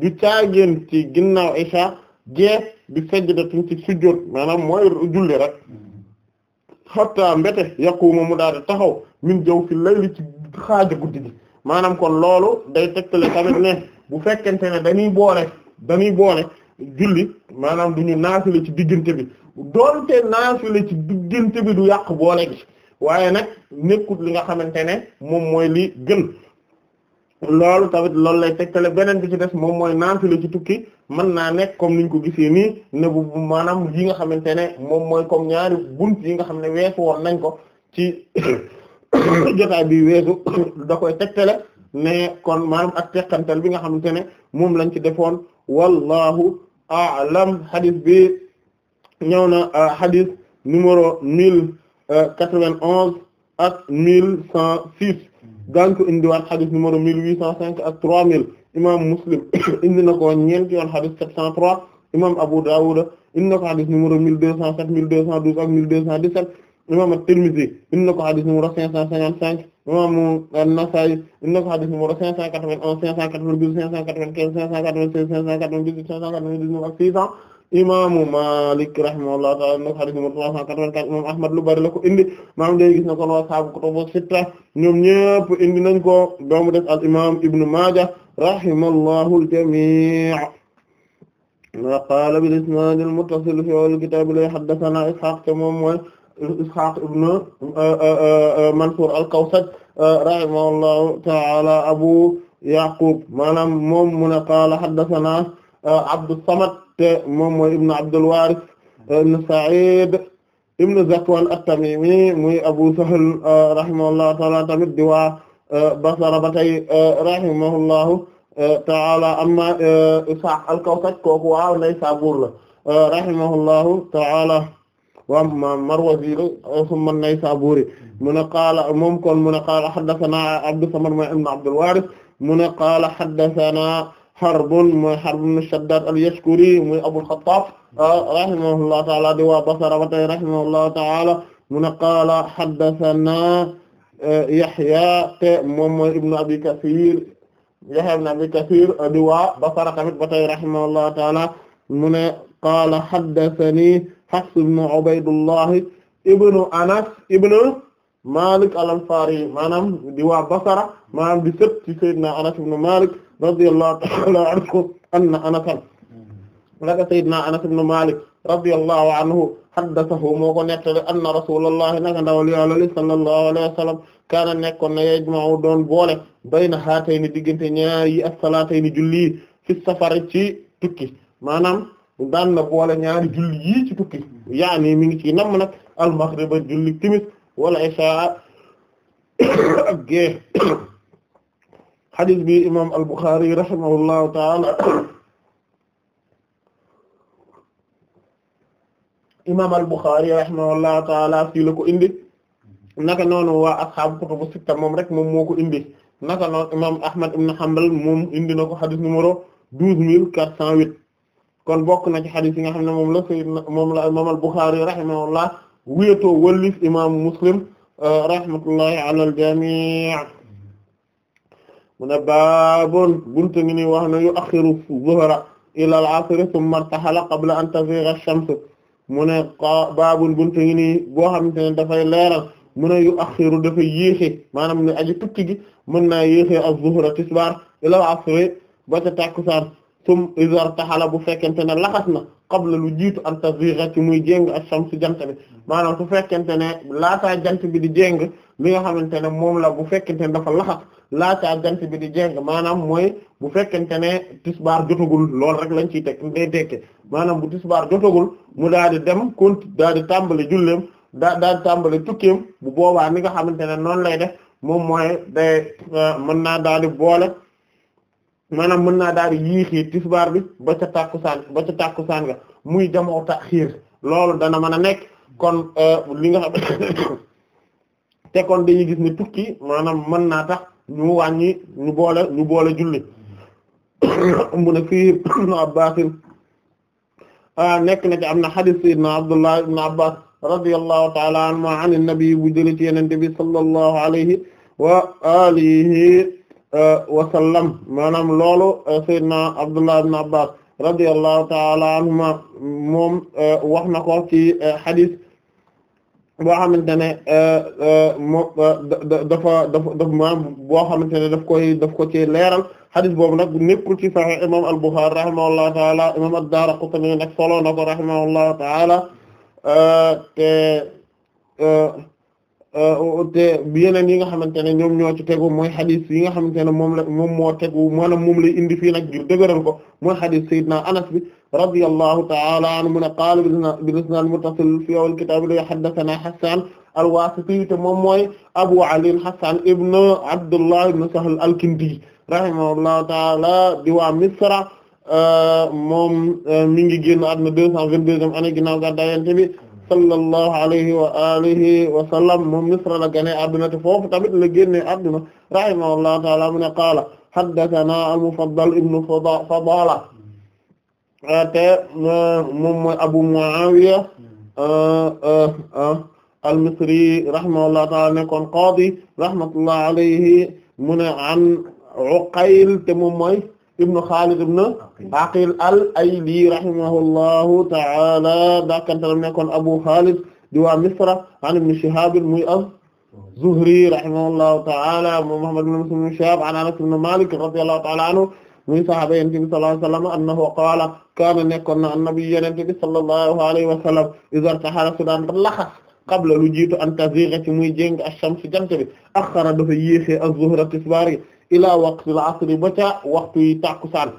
du caageen ci ginnaaw isha gee bi sajdatin ci sujjóot maanaam mooy julli rek hatta mbete yaquuma mu daal di taxaw min jaww fi layli ci xaaja guddi gi maanaam kon loolu day tegtale tamit ne bu fekkente ne dañuy boole dañuy boole julli maanaam du ñu naafila ci diggante bi doonte naafila ci diggante bi du yàq boole gi waaye nag nekkut li nga xamante ne moom mooy li gën loolu tamit loolu lay tegtale beneen bi ci des moom mooy naafila ci tukki mën naa nekk comme niñ ko gisee nii ne maanaam yi nga xamante ne moom mooy comme ñaari bunt yi nga xam ne weesu woon nañ ko ci jotaay bi weesu da koy tegtale ne kon maanaam ak teqantal bi nga xamante ne moom lañ ci defoon wallahu a'lam hadis bi ñëw na euh, hadis numéro mille euh, quatre-vingt-onze ak mille cent six daan ko indiwaat hadis numéro mille huit cent cinq ak trois mille imam Muslim indi na ko ñeenti yoon hadis sept cent trois imam Abu Dawud indi na ko hadis numéro mille deux cent sept mille deux cent douze ak mille deux cent dix-sept imam At-Tirmidhi indi na ko hadis numéro cinq cent cinquante-cinq imam An-Nasa'i inna ko hadith numéro 591 592 595 596 598 inna ko hadith lu la ko indi maam day gis na sitta ñoom ñépp indi nañ ko doomu des al imam Ibn Maaja rahimahullahu al-jami' wa qaala bil isnad al-muttasil fi al-kitab la haddathana Ishaq moom mooy Ishaq ibn euh, euh, euh, Mansur al-Kawsaj rahimahullahu ta'ala Abu Yaqub maanaam moom mu ne qaala haddathana Abdus Samad te moom mooy ibn Abdul Warith ibn Sa'id ibn Zakwan at-Tamimi muy Abu Sahl rahimahullahu ta'ala tamit di waa Basra ba tey rahimahullahu ta'ala amma Ishaq al-Kawsaj kooku waa Naysabur la rahimahullahu ta'ala wa Marwazi summa Naysaburi mu ne qaala moom kon mu ne qaala haddathana Abdus Samad mooy ibn Abdul Warith mu ne qaala haddathana Harb mooy Harb ibn Shaddad al-Yashkuri mooy Abul Khattab rahimahullahu ta'ala di waa Basra wa rahimahullahu ta'ala mu ne qaala haddathana e, Yahya te moom mooy ibn Abi Kathir Yahya ibn Abi Kathir di waa Basra tamit ba tey rahimahullahu ta'ala mu ne qaala haddathani Hafs ibn Ubaydullah ibn Anas ibn Malik al-Ansari maanaam di waa Basra maanaam di sët ci Seydina Anas ibn Malik radiyallahu ta'ala anhu anna Anasan laka Seydina Anas ibn Malik radiyallahu anhu haddathahu moo ko nettale anna rasulullahi naka ndawal yàllali sallallahu alayhi wa sallam kaana nekkoon na yajma'u doon boole bayna haatayni diggante ñaari yi as-salaatayni julli fi safar ci tukki maanaam daan na boole ñaari julli yii ci tukki yaani mi ngi ci namm nag al-maghrib julli timis wala isha ak gée xadis bi imam al-Bukhari rahimahullahu taala imam al-Bukhari rahimahullahu taala fii la ko indi naka noonu waa asxaabu kutubu sitta moom rek moom moo ko indi naka noonu imam Ahmad ibn Hanbal moom indi na ko xadis numéro douze kon bokk na ci xadis yi nga xam ne moom la sayyidna moom la imam al-Bukhari rahimahullah wéetoo wëllif imam Muslim euh, rahmatullahi ala al-jami' mu ne baabon buntu ngi ni wax ne yu axiru zuhra ila al-asr thumma irtahala qabla an tazigha ash-shams mu ne baabon buntu ngi ni boo xamante ne dafay leeral mu ne yu axiru dafa yéexe maanaam ne aji tukki gi mën naa yéexe az-zuhra tisbaar ila al-asr ba ca takkusaan sum izar taxala bu fekkente ne laxas na qabla lu jiitu an tasghira ci muy jéng ash-shams jant bi maanaam su fekkente ne laataa jant bi di jéng li nga xamante ne moom la bu fekkente ne dafa laxas laataa jant bi di jéng maanaam mooy bu fekkente ne tisbaar jotagul lool rek lañ ci teg day tekke maanaam bu tisbaar jotagul mu daal di dem konti daal di tàmbali julleem daa daal di tàmbali tukkeem bu boobaa ni nga xamante ne noonu lay def moom mooy day euh, mën naa daal boole maanaam mën naa daal di yéexee tisbaar bi ba ca tàkkusaan ba ca tàkkusaan ga muy jamoo taxiir loolu dana mën a nekk kon euh, li xam te kon dañuy gis ne tukki maanaam mën naa tax ñu wàññi ñu boole ñu boole julli mu ne fii ibn Abbas ah, nekk na ci am na hadith sayyidina Abdullah ibn Abbas radiyallahu ta'ala anhuma an nabi bu jële ci yenente bi sallallahu alayhi wa alihi Uh, wasallam maanaam loolu uh, sayyidina Abdullah ibn Abbas radiyallahu ta'ala anhuma moom uh, wax na ko ci hadith boo xamante ne moom dafa dafa daf maanaam boo xamante ne daf koy daf ko ci leeral hadith boobu nag nekkul ci Sahih imam al-Bukhari rahimahullahu ta'ala imam ad-Daraqutni nag solo na ko rahimahullahu ta'ala te Euh, te yeneen yi nga xamante ne ñoom ñoo ci tegu mooy xadis yi nga xamante ne moom la moom moo tegu maanaam moom lay indi fii nag ngir ko mooy xadis Seydina Anas bi radiyallahu ta'ala anhu mu ne qaala bil isnaad muttasil fi awwal kitaab li haddathanaa Hassaan al-Waasiti te moom mooy Abu Ali Hassaan ibn Abdullah ibn Sahl al-Kindi rahimahullahu ta'ala di waa Misra euh, moom euh, mi ngi génn àdduna 222e année ginnaaw gàddaay Yonent sallallahu alayhi wa alihi wa sallam moom Misra la gane adduna te foofu tamit la génne adduna rahimahullahu ta'ala mu ne qaala haddathana al-Mufaddal ibn Fadala te moom mooy Abu Muawiya al-Misri rahimahullahu ta'ala nekkoon qaadi rahmatullahi alayhi mu ne an Uqayl te moom mooy ibnu Xaalid ibnu Aqil al-Ayli rahimahullahu ta'ala dakantalam nekkoon Abu Xaalid di waa Misra an ibn Shihab muy az-Zuhri rahimahullahu ta'ala mu Muhammad ibn Muslim ibn Shihab an Anas ibn Malik radiyallahu ta'ala anhu muy sahaaba yonent bi sallallahu alayhi wa sallam annahu qaala kaana nekkoon na annabi yonent bi sallallahu alayhi wa sallam iza tahala su daan laxas qabla lu jiitu an taziiga ci muy jéng ash-shams jant bi axara dafa yéexee az-zuhra tisbaar gi ilaa la asri ba ca waxtu yi tàkkusaan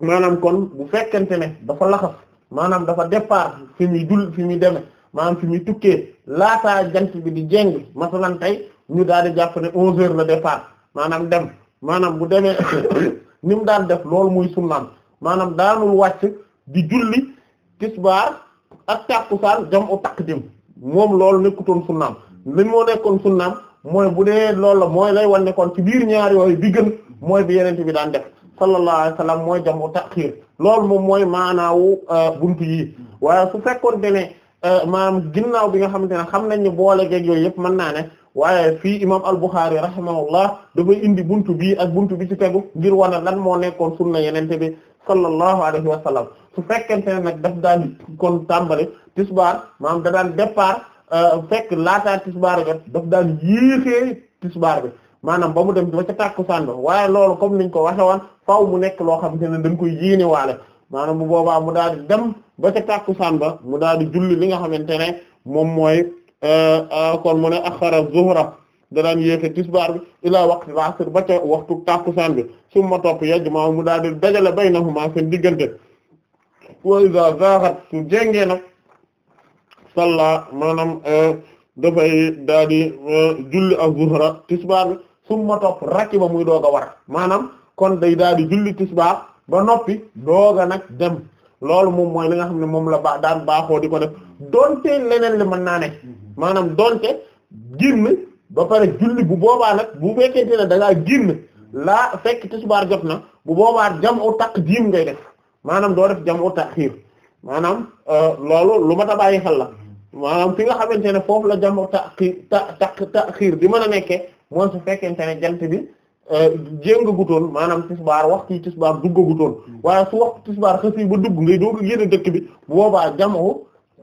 maanaam kon bu fekkente ne dafa laxas maanaam dafa départ fi muy dul fi muy deme maanaam fi muy tukkee laataa jant bi di jeng masalan tey ñu daal di jàpp ne onze heures le départ maanaam dem maanaam bu demee ni mu daan def lool muy sunnaam maanaam daanul wàcc di julli tisbaar ak tàkkusaan jam u taqdim moom loolu nekkutoon sunnaam lan nekkoon sunnaam mooy bu dee lool mooy lay wan ne kon ci biir ñaari yooyu bi gën mooy bi yenente bi daan def sallallahu alayhi wa sallam mooy jamu taxiir loolu moom mooy maanaawu euh, buntu yi waaye su fekkoon te ne euh, maanaam ginnaaw bi nga xamante ne xam nañ ne boole geeg yooyu yëpp mën naa ne waaye fii imam al-Bukhari rahimahullah dafay indi buntu bii ak buntu bi ci tegu ngir wane lan moo nekkoon sunna yenente bi sallallahu alayhi wa sallam su fekkente ne nag daf daan kon tàmbali tisbaar maanaam da daan départ Euh, fekk laataa tisbaar jot daf daan yéexee tisbaar bi maanaam ba mu dem ba ca tàkkusaan ba waaye loolu comme niñ ko waxe woon faaw mu nekk loo xamante ne dañ koy yéene waale maanaam bu boobaa mu daal di dem ba ca tàkkusaan ba mu daal di julli li nga xamante ne moom mooy euh, euh, kon mu ne axara zuhra da daan yéexe tisbaar bi ilaa waqti al-asr ba ca waxtu tàkkusaan bi summa topp ma mu daal di dajale baynahuma seen diggante wa iza zaaxat su jéngee nag salla maanaam eh, dafay daal di eh, julli az-zuhra tisbaar bi summa topp rakiba muy doog a war maanaam kon day daal di julli tisbaar ba noppi doog nag dem loolu moom mooy li nga xam ne moom la ba daan baaxoo di ko def leneen li mën naa ne maanaam donte génn ba pare julli bu boobaa nag bu fekkente ne da ngaa génn laa fekk tisbaar jot na bu boobaa jam'u taqdim ngay def maanaam doo def jam'u ta'khir maanaam eh, loolu lu ma ta bàyyi xel la maanaam fi nga xamante ne foofu la jamono ta ta taxiir di mën a nekkee mooy su fekkente ne jant bi euh, jéngagutoon maanaam tisbaar waxtu yi tisbaar duggagutoon waaye su waxtu tisbaar xësi ba dugg ngay doo ko a dëkk bi boobaa jamono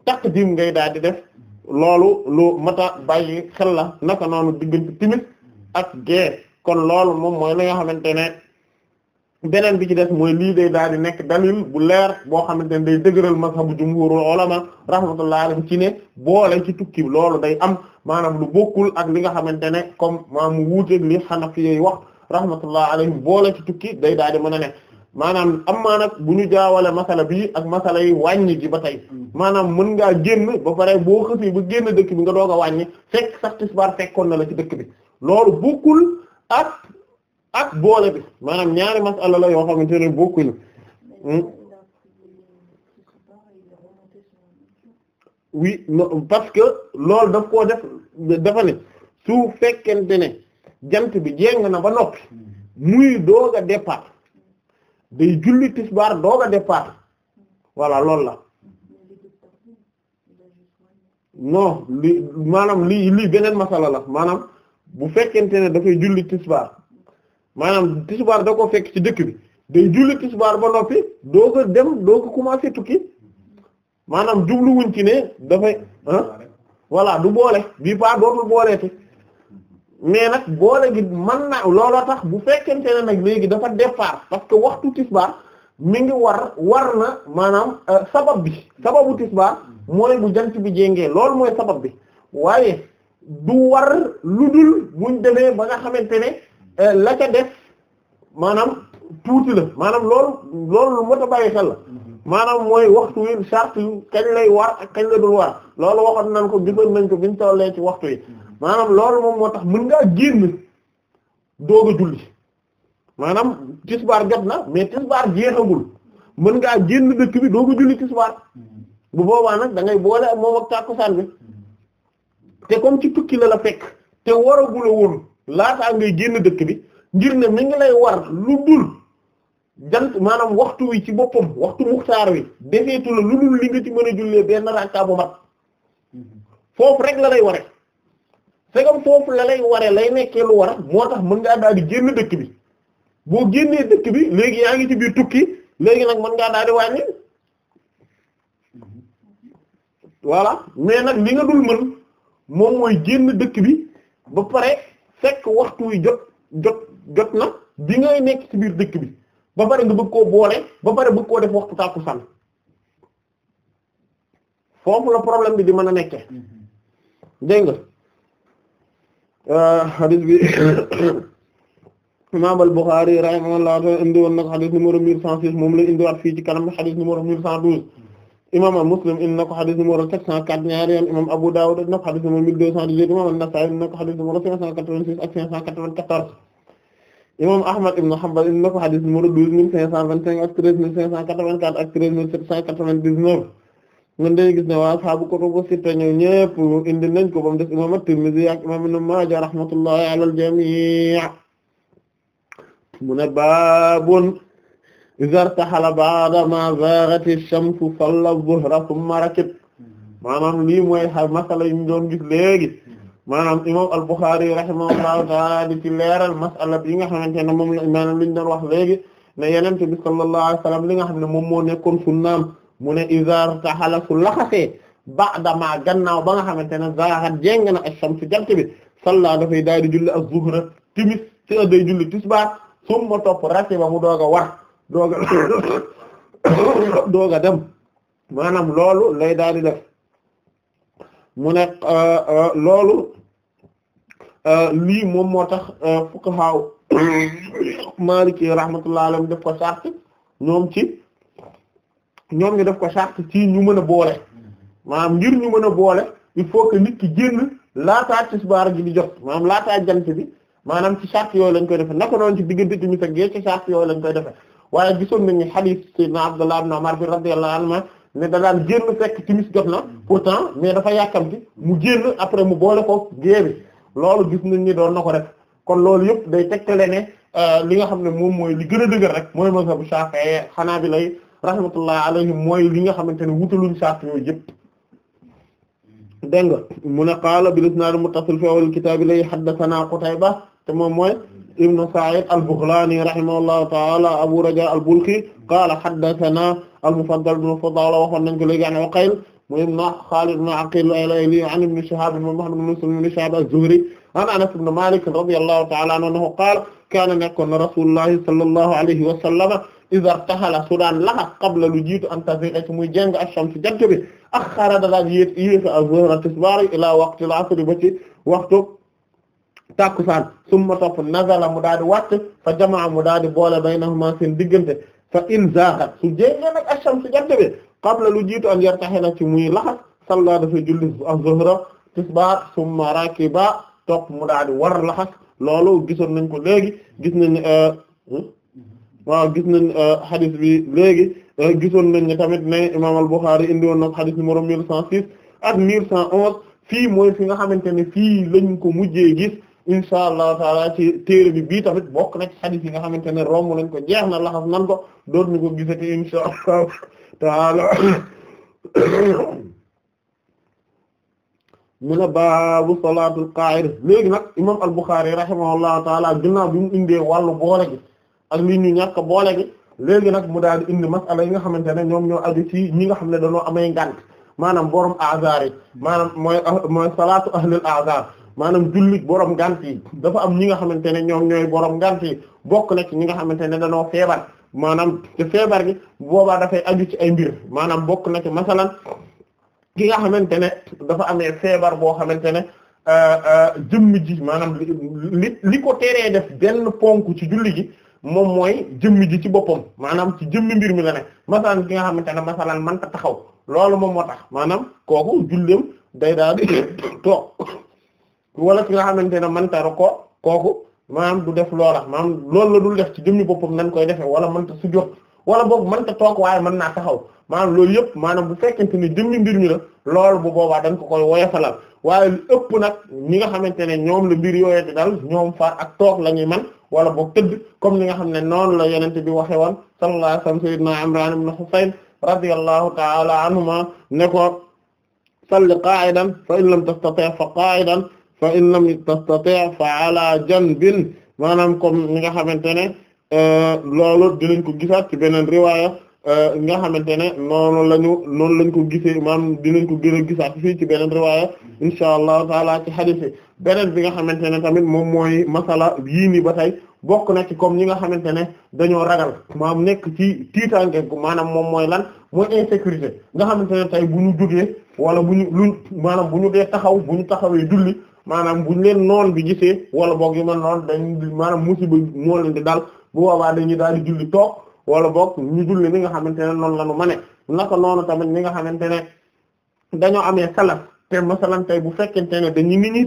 taqdim ngay daal di def loolu lu mata bàyyi xel la naka noonu diggante timis ak gée kon loolu moom mooy li nga xamante ne. beneen bi ci des mooy lii day daal di nekk dalil bu leer boo xamante ne day dëgëral mazhabu jumhurul ulama rahmatullahi alayhim ci ne boole ci tukki loolu day am maanaam lu bokkul ak li nga xamante ne comme maam mu wuuteeg li Hanafi yi wax rahmatullahi alayhim boole ci tukki day daal di mën a ne maanaam am maa nag bu ñu jaawale masala bii ak masala yi wàññi gi ba tey maanaam mën ngaa génn ba pare boo xëfee ba génn dëkk bi nga doog a wàññi fekk sax tisbaar fekkoon na la ci dëkk bi loolu bokkul ak ak boole bi maanaam ñaari masala la yoo xamante ne bokkuñu hmm? oui parce que lool daf koo def dafa su fekkente ne jant bi jeng na ba noppi muy doog a départ day julli tisbaar doog a départ voilà loolu la non li maanaam li lii beneen masala la maanaam bu fekkente ne dafay julli tisbaar maanaam tisbaar da ko fekk ci dëkk bi day julli tisbaar ba noppi doo ko dem doo ko commencé tukki maanaam jubluwuñ ci ne dafay ah du boole bii pas dootul booleeti mais nag boole gi mën na a tax bu fekkente ne nag léegi dafa départ parce que waxtu tisbaar mi ngi war war na maanaam euh, sabab bi sababu tisbaar mooy bu jant bi jéngee loolu mooy sabab bi waaye du war lu dul buñ demee ba nga xamante ne Euh, la ca def maanaam tuuti la maanaam loolu loolu lu mot a bàyyi xel la mm-hmm. maanaam mooy waxtu wi charte yu kañ lay war ak kañ la dul war loolu waxoon nañ ko gisoon nañ ko biñ tollee ci waxtu yi mm-hmm. maanaam loolu moom moo tax mën ngaa génn doog a julli maanaam tisbaar jot na mais tisbaar jeexagul mën ngaa génn dëkk bi doog a julli tisbaar mm-hmm. bu boobaa nag da ngay boole ak moom ak tàkkusaan bi te comme ci tukki la la fekk te waragula woon laataa ngay génn dëkk bi ngir ne mi ngi lay war lu dul jant maanaam waxtu wi ci boppam waxtu muxtaar wi defeetu la lu dul li nga ci mën a jullee benn rakka bu mat foofu rek la lay ware c'est comme foofu la lay ware lay nekkee lu war moo tax mën ngaa daal génn dëkk bi boo génnee dëkk bi léegi yaa ngi ci biir tukki léegi nag mën ngaa daal di wàññi voilà mais nag li nga dul mën moom mooy génn dëkk bi ba pare fekk waxtu wi jot jot jot na bi ngay nekk ci biir dëkk bi ba pare nga bëgg koo boole ba pare bëgg koo def waxtu tàkkusaan foofu la problème bi di mën a nekke dégg nga euh, hadith bi imam al-Bukhari rahimahullah indi woon nag hadith numéro 1106 moom la indiwaat fii ci kanam hadith numéro 1112 imam Muslim indi na ko xadis numéro 704 ñaari yoon imam Abu Dawud indi na ko xadis numéro 1218 imam An-Nasa'i indi na ko xadis numéro 586 ak 594 imam Ahmad ibn Hanbal indi na ko xadis numéro 12525 ak 13584 ak 13799 ñun dañu gis ne waa ashaabu kutubu sitta ñëw ñëpp indi nañ ko ba mu des imam At-Tirmidhi ak imam Ibn Maaja rahmatullahi ala al mu izartahala ba'dama zaghatis shamsu salla zuhra thumma rakib maanaam lii mooy masala yi ñu doon gis léegi maanaam imam al-Bukhari rahimahullahu ta'ala di ci leeral masala yi nga xamante ne moom la maanaam li ñu doon wax léegi ne yenente bi sallallahu alayhi wasallam li nga xam ne moom moo nekkoon sunnaam mu ne izartahala su laxasee ba'dama gannaaw ba nga xamante ne zaaxat jéng na ash-shamsu jant bi salla dafay daal di julli az-zuhra timis ci day julli tisbaar summa topp rakiba mu doog a war dooga dooga dem maanam loolu lay daal di def mu nekk euh, euh, loolu euh, lii moom moo tax fuqaha maliki rahmatullahi mu def ko sart ñoom ci ñoom ñu def ko sart ci ñu mën a boole maanaam ngir ñu mën a boole il faut que nit ki génn laataa tisbaar gi di jot maanaam laataa jant bi maanaam ci sart yooyu lañ koy defe naka noonu ci diggante timis ak gee ci sart yooyu lañ koy defe waaye gisoon nañu hadith sayyidina Abdullah ibn Umar bi radiyallahu anhu ne da daan génn fekk timis jot na pourtant mais dafa yàkkamti mu génn après mu boole ko gée bi loolu gis nañ ni doon na ko rek kon loolu yëpp day tegtale ne euh, li nga xam ne moom mooy li gën a dëgër rek mooy mazhabu Shafi'i Hanabila rahmatullah alayhim mooy li nga xamante ne wutaluñ saat yooyu yëpp dégg nga mu ne qaala bil isnaad muttasil fi awwal kitaab lay haddathana Qutayba te moom mooy ibnu Sa'id al-Baghlani rahimahullahu ta'ala Abu Raja al-Balkhi qaala haddathana al-Mufaddal ibn Fadala waxoon nañ ko léegi an Uqayl mu ibn Khalid ibn Aqil al-Ayli an ibn Shihab ibn Muhammad ibn Muslim ibn Shihab az-Zuhri an Anas ibn Malik radiyallahu ta'ala anhu qaala kaana nekkoon na Rasulullahi sallallahu alayhi wa sallam iza irtahala su daan laxas qabla lu jiitu an taziiga ci muy jéng ash-shamsu jant bi axxara daan yéex yéex az-zuhra tisbaar ila waqti al-'asr ba ci waxtu tàkkusaan summa topp nazala mu daal di wàcc fa jamaa mu daal di boole baynahuma seen diggante fa in zaaxat su jéegee nag ash-shamsu jant bi qabla lu jiitu an yartahila ci muy laxas salla dafa julli az-zuhra tisbaar summa rakiba topp mu daal di war laxas loolu gisoon nañ ko léegi gis nañ euh, hmm? waaw gis nañ hadith euh, bi léegi euh, gisoon nañ ne tamit ne imam al-Bukhari indi woon nag hadith numéro mille cent six ak mille cent onze fii mooy fi nga xamante ne fii lañ ko mujjee gis insha allahu taala ci téere bi bii tamit bokk na ci xadis nga xamante ne romb nañ ko jeex na laxas nan ko doon ñu ko gisati insha allahu taala mu ne baabu salaatul qa'id léegi nag imam al-Bukhari rahimahullahu taala ginnaaw bi mu indee wàllu boole gi ak li ñu ñàkk boole gi léegi nag mu daal di indi masala yi nga xamante ne ñoom ñoo aju ci ñi nga xam ne dañoo amay ngànt maanaam boroom azar yi maanaam mooy mooy salaatu ahlul azar maanaam jullit boroom ngant yi dafa am ñi nga xamante ne ñoom ñooy borom ngant yi bokk na ci ñi nga xamante ne dañoo feebar maanaam feebar gi boobaa dafay aju ci ay mbir maanaam bokk na ci masalan ki nga xamante ne dafa amee feebar boo xamante ne euh, euh, jëmm ji maanaam li li ko teree def benn ponk ci julli gi moom mooy jëmm ji ci boppam maanaam ci jëmmi mbir mi la ne masalan ki nga xamante ne man mënta taxaw loolu moom moo tax maanaam kooku julleem day daal di wala ki nga xamante ne mënta rukkoo kooku maanaam du def loola maanaam loolu la dul def ci jëmmi boppam nan koy defee wala mënta sujjóot wala boobu mënta toog waaye mën naa taxaw maanaam loolu yépp maanaam bu fekkente ni jëmmi mbir mi la loolu bu boobaa dañ ko koy woyofalal waaye lu ëpp nag ñi nga xamante ne ñoom la mbir yooyu di dal ñoom far ak toog la ñuy man wala boog tëdd comme ni nga xam ne noonu la yonent bi waxe woon sallallahu alayhi wa sallam sayyidina Imran ibn Husayn radiyallahu ta'ala anhuma ne ko salli qa'idan fa in lam tastati' fa qa'idan fa in lam tastati' fa ala janbin maanaam comme ni nga xamante ne euh, loolu dinañ ko gisaat ci beneen riwaaya euh, nga xamante ne noonu lañu noonu lañ ko gisee maanaam dinañ ko gën a gisaat fii ci beneen riwaaya insha allahu taala ci hadith yi beneen bi nga xamante ne tamit moom mooy masala yii nii ba tey bokk na ci comme ñi nga xamante ne dañoo ragal maam nekk ci tiitaange maanaam moom mooy lan mooy insécurité nga xamante ne tey bu ñu jógee wala bu ñu lu maanaam bu ñu dee taxaw bu ñu taxawee julli maanaam ñu leen noon bi gisee wala boog yu mel noonu dañ maanaam musiba moo leen di dal bu boobaa dañuy daal di julli toog wala boog ñu julli ni nga xamante ne noonu la ñu mane naka noonu tamit ñi nga xamante ne dañoo amee salaf te masalan tey bu fekkente ne dañu nit ñi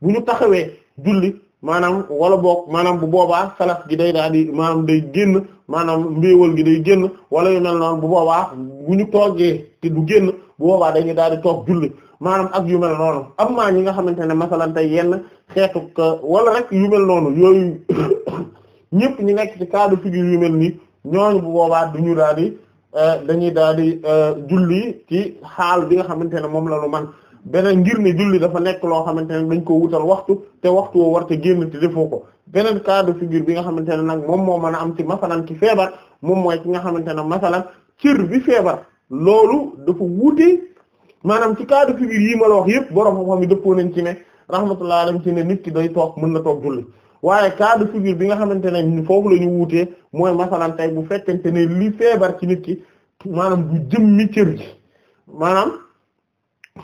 bu ñu taxawee julli maanaam wala boog maanaam bu boobaa salaf gi day daal di maanaam day génn maanaam mbéewal gi day génn wala yu mel noonu bu boobaa bu ñu toogee te du génn bu boobaa dañuy daal di toog julli maanaam ak yu mel noonu am maa ñi nga xamante ne masalan tey yenn xeetu wala rek yu mel noonu yooyu ñi nekk ci cas de figure yu mel nii ñooñu bu boobaa duñu daal di euh, dañuy daal di euh, julli ci xaal bi nga xamante ne moom la lu man beneen ngir ne julli dafa nekk loo xamante ne dañ ko wutal waxtu te waxtu woo war te génn te defoo ko beneen cas de figure bi nga xamante ne nag moom moo mën a am ci masalan ci feebar moom mooy ki nga xamante ne masalan cër bi feebar loolu dafa wuute maanaam ci cas de figure yi ma la yëpp borom xam-xam yi dëppoo nañ ci ne rahmatullahi alayhi ci ne nit ki day toog mën na toog julli waaye cas de figure bi nga xamante ne foofu la ñu wuutee mooy masalan bu fekkente ne li feebar ci nit ki maanaam du jëmmi cër gi maanaam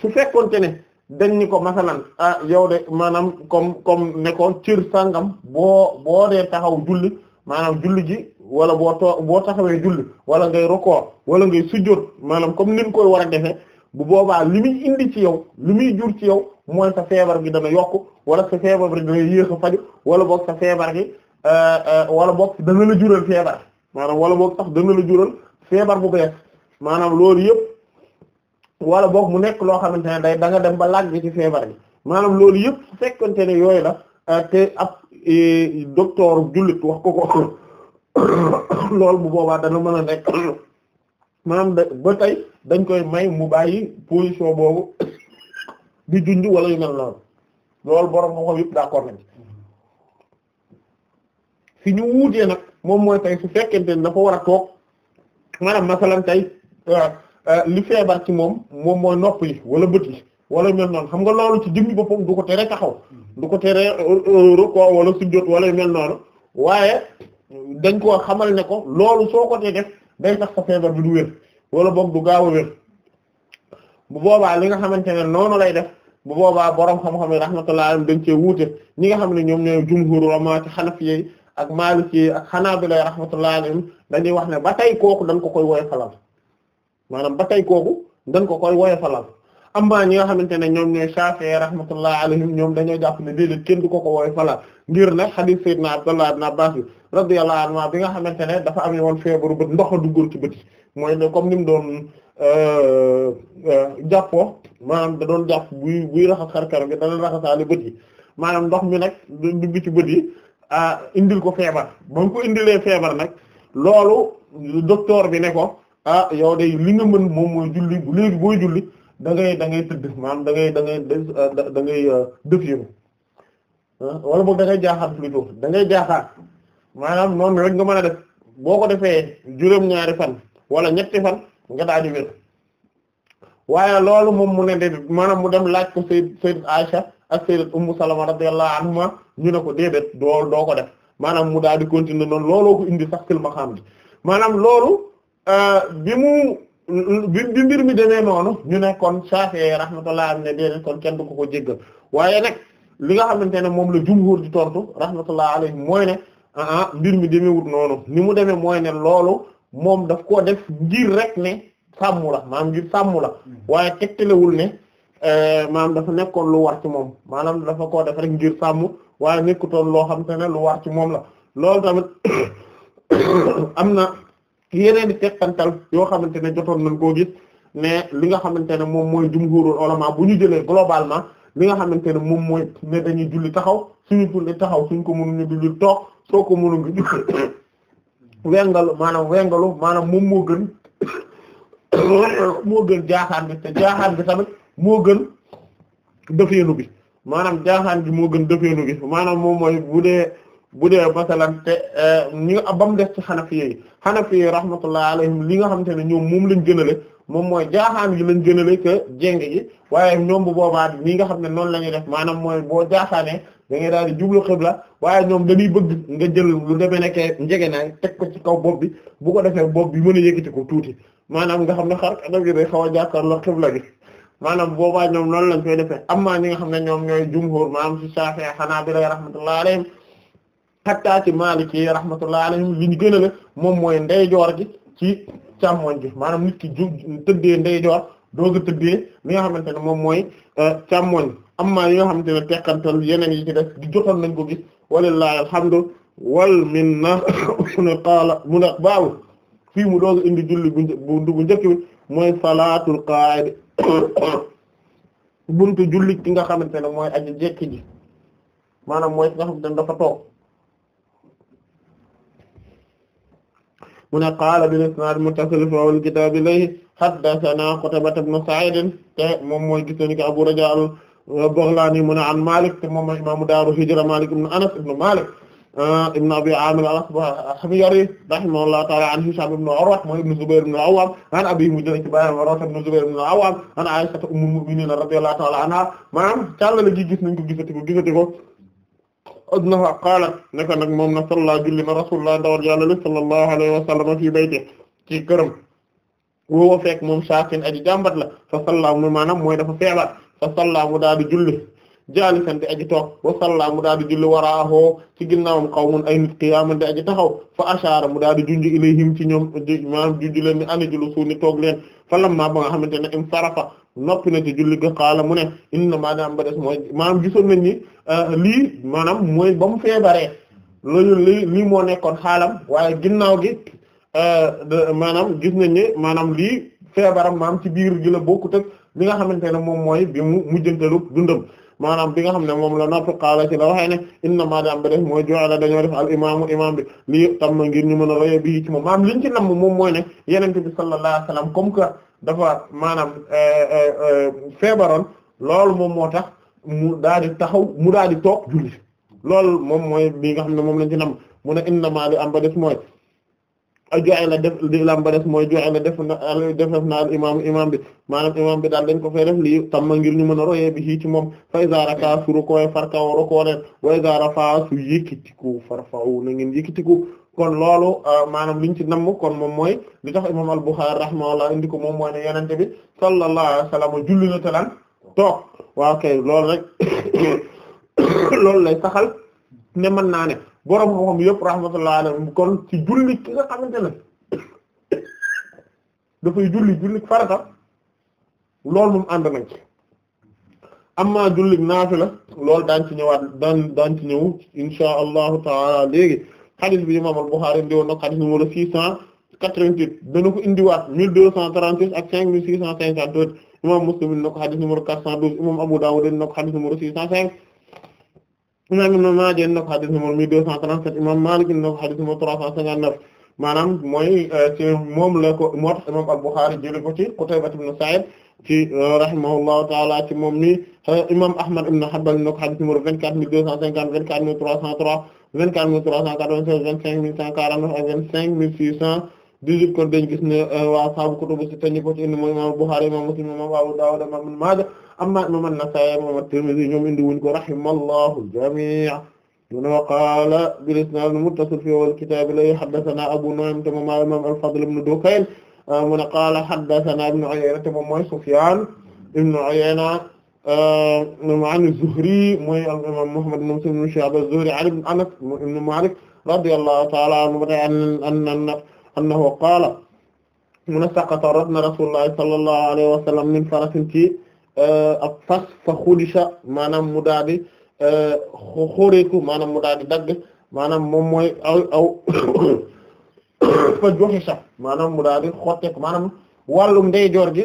su fekkonte ne dañ ni ko masalan ah yow de maanaam kom comme ne cër sàngam boo boo dee taxaw julli maanaam julli ji wala boo too boo taxawee julli wala ngay record wala ngay sujjóot maanaam comme ni ñu koy war a defee bu boobaa li muy indi ci yow li muy jur ci yow mooy sa feebar gi dana yokk wala sa feebar bi dana yéex a faju wala boog sa feebar gi euh, euh, wala boog dana la jural feebar maanaam wala boog sax la jural feebar bu bees maanaam loolu yëpp wala boog mu nekk loo xamante ne day danga dem ba laaj bi ci feebar bi maanaam loolu yëpp su fekkante ne yooyu la euh, te ab docteur jullit wax ko ko loolu bu boobaa dana mën a nekk. maanaam da ba tey dañ koy may mu bàyyi position boobu di junj wala yu mel noonu loolu borom moo xam yëpp d'accord nañ fi ñu wuutee nag moom mooy tey su fekkente ne dafa war a toog maanaam masalan tey euh, euh, li feebar ci moom moom mooy nopp yi wala bët yi wala yu mel noonu xam nga loolu ci jëmmi boppam du ko tere taxaw du ko tere euh, rukkoo wala sujjóot wala yu mel noonu waaye dañ koo xamal ne ko loolu soo ko te def day tax sa feebar bi du wér wala boog du gaaw a wér bu boobaa li nga xamante ne noonu lay def bu boobaa borom xam-xam yi rahmatullahi alayhim dañ cee wuute ñi nga xam ne ñoom ñooy jumhur ramati xanafiye ak maliki ak xanaabila rahmatullahi alayhim dañuy wax ne ba tey kooku dañ ko koy woyofalal maanaam ba tey kooku dañ ko koy woyofalal amma ñi nga xamante ne ñoom ñooy Shafi'i rahmatullah alayhim ñoom dañoo jàpp ne déedéet kenn du ko ko wooy fala ngir ne hadith sayyidina Abdullah ibn Abbas bi radiyallahu anhu bi nga xamante ne dafa am woon feebaru bët ndox a duggoon ci bët yi mooy ne comme ni mu doon euh, euh, jàppoo maanaam da doon jàpp buy buy raxas xarkar gi da doon raxasaale bët yi maanaam ndox mi nag dugg ci bët yi ah indil ko feebar ba nga ko indilee feebar nag loolu docteur bi ne ko ah yow de li nga mën moom mooy julli bu léegi booy julli da ngay da ngay tëdd maanaam da ngay da ngay euh, da ngay euh, dëfiru wala boog da ngay jaaxaar plutôt da maanaam noonu rek nga mën a def boo ko defee juróom-ñaari fan wala ñetti fan nga daal di waaye loolu moom mu ne de maanaam mu dem laaj ko sayyid sayyid Aisha ak sayyidat Ummu Salama radiyallahu anhuma ñu ne ko déedéet doo doo ko def maanaam mu daal di continuer noonu looloo indi sax kilma xam maanaam loolu euh, bi mu bi mbir mi demee noonu ñu ne kon Shafi'i rahmatullah am ne déedéet kon kenn du ko ko jéggal waaye nag li nga xamante ne moom la jumhur di tontu rahmatullah alayhi mooy ne ah, ah mbir mi demeewut noonu ni mu demee mooy ne loolu moom daf koo def ngir rek ne sàmmu la maanaam ngir sàmm la hmm. waaye tegtalewul ne eh, maanaam dafa nekkoon lu war moom maanaam dafa koo def rek ngir sàmm waaye nekkutoon loo xam ne lu war ci moom la loolu tamit am na. yeneen i tekkantal yoo xamante ne jotoon nañ koo gis ne li nga xamante ne moom mooy jumhuurul ulama bu ñu jëlee globalement li nga xamante ne moom mooy ne dañuy julli taxaw suñu julli taxaw suñ ko mënuñu julli toog soo ko mënu nga julli wengalu maanaam wengalu maanaam moom moo gën moo gën jaaxaan te jaaxaan tamit moo gën defeenu bi maanaam jaaxaan bi moo gën defeenu bi maanaam moom mooy bu dee bu dee masalan te euh, ñi nga ba mu des ci xanafiye yi xanafiye rahmatullah alayhim li nga xamante ne ñoom moom lañ gënale moom mooy jaaxaan gi lañ gënale que jéng waaye ñoom bu boobaa nii nga xam ne noonu la ñuy def maanaam mooy boo jaaxaanee da ngay daal di jublu xibla waaye ñoom dañuy bëgg nga jël lu demee nekkee njegenaay teg ko ci kaw bopp bi bu ko defee bopp bi mën a yëkkati ko tuuti maanaam nga xam ne xar kanam gi day xaw a jàkkaarloo xibla gi maanaam boobaa ñoom noonu lañ koy defee amaa ñi nga xam ne ñoom ñooy jumhur maanaam ci Shafi'i Hanabila rahmatullah alayhim hatta ci Maliki rahmatullahi alayhim li ñu gën a moom mooy ndeyjoor gi ci càmmoñ gi maanaam nit ki ju tëddee ndeyjoor dooga tëddee li nga xamante ne moom mooy euh, càmmoñ amma yi nga xamante tekkantal yeneen yi ci def di jotoon nañ ko gis walillahi alhamdu wal minna mu ne qaala mu baabu fii mu dooga indi julli bu bu njëkk bi mooy salaatul qaa'id buntu julli ki nga xamante ne mooy aji jekki ji maanaam mooy ki nga xamante ne dafa toog mu ne qaala bil isnaad muttasil fi awwal kitaab ilayhi haddasanaa Qutayba ibn Sa'iid te moom mooy gis nañu ko Abu Rajaa al-Baghlaani mu ne an Maalik te moom mooy imaamu daaru hijra Maalik ibn Anas ibn Maalik ah, ibn Abi Aamir al-Asbahani rahimahullahu ta'aala an Hishaam ibn Urwa mooy ibn Zubayr ibn al-Awwaam an abiihi mu jëlee ci baayam Urwa ibn Zubayr ibn al-Awwaam an Aysata ummul mu'miniin radiyallahu ta'aala anhaa maanaam càllale gi gis nañ ko gisati ko gisati ko annaha qaalat naka nag moom na salla julli na rasulullah ndawal yàlla li sallallahu alayhi wa sallam fii bayti ci këram woowa fekk moom shaakin aji jàmbat la fa salla mu maanaam mooy dafa feebar fa salla mu daal di julli jaalisan di aji toog wa salla mu daal di julli waraaxoo ci ginnaawam qawmun ay nit qiyaaman di aji taxaw fa ashaara mu daal di junj ilayhim ci ñoom maanaam junj leen ni ani julusu ni toog leen fa lamma ba nga xamante ne im sarafa noppi na ci julli ga xaala mu ne inna maanaam ba des mooy maam gisoon na ni euh, lii maanaam mooy ba mu feebaree loolu lii moo nekkoon xaalam waaye ginnaaw gi euh, maanaam gis nañ ni maanaam lii feebaram maanaam ci biir gi la bokkut ak li nga xamante ne moom mooy bi mu mujjantalu dundam maanaam bi nga xam ne moom la noppi xaala ci la waxee ne inna maanaam ba des mooy la dañoo def al imaamu imaam bi lii tam na ngir ñu mën a roye bii ci moom maanaam liñ ci bi sallallahu alayhi comme que dafa maanaam eh, eh, eh, feebaroon loolu moom moo tax mu daal taxaw mu daal di toog julli loolu moom mooy bi nga xam ne moom lañ ci nam mu ne innamaa li am ba des mooy joxe la def li am ba des mooy joxe la def na defef na al imam bi maanaam imam bi daal dañ ko fay def lii tam ma ngir ñu mën a bi sii ci moom fa iza raka su rukoy farkaw rukoo leen wa iza rafa su yëkkatiku farfaw na ngeen yëkkatiku kon loolu euh, maanaam liñ ci namm kon moom mooy li tax imam al-Bukhari rahimahullah indi ko moom mooy ne yenente bi sallallahu alayhi wasallam julli na talaan toog waaw kay loolu rek ne mën naa ne borom xam-xam yëpp rahmatullahi kon ci julli ki nga xamante ne dafay julli julli farata loolu moom ànd nañ ci amma julli naafila loolu daan ci ñëwaat daan daan ci ñëw insha allahu taala léegi xadis bi imam al-Bukhari indi woon nag xadis numéro 688 dana ko indiwaat 1236 ak 5652 imam Muslim indi na ko xadis numéro 412 imam Abu Dawud indi na ko xadis numéro 605 imam Ibn Maaja indi na ko xadis numéro 1237 imam Malik indi na ko xadis numéro 359 maanaam mooy euh, ci moom la ko moo tax imam al-Bukhari jëlee ko ci Qutayba ibn Sa'id ci euh, rahimahullahu taala ci moom mi euh, imam Ahmad ibn Hanbal na ko hadith numéro 24250 24303 24396 25149 ak 25618 kon dañu gis ne euh, waa saabu kutubu sitta ñi ko ci indi mooy imam Bukhari imam Muslim imam Abu Dawud imam Ibn Maaja amma imam An-Nasaa'i imam At-Tirmidhi ñoom indi wuñ ko rahimallahu al-jamii' wa qaala bil isnaad al-muttasil fi awwal kitaab li haddathanaa Abu Nu'aym tamam imam Al-Fadl ibn Dukayn mu ne qaala haddathana ibnu Uyayna te moom mooy Sufyaan ibnu Uyayna an az-Zuhri mooy al-imaam Muhammad ibn Muslim ibn Shihaab az-Zuhri an Anas ibn Maalik radiyallahu ta'ala anhu anna annahu qaala mu ne saqata rot na Rasulullah sallallahu alayhi wa sallam min farasin ci ab fas fa xudisa maanaam mu daal di xóoreeku maanaam mu daal di dagg maanaam moom mooy aw aw fa joxe sax maanaam mu daal di xotteeku maanaam wàllum ndeyjoor gi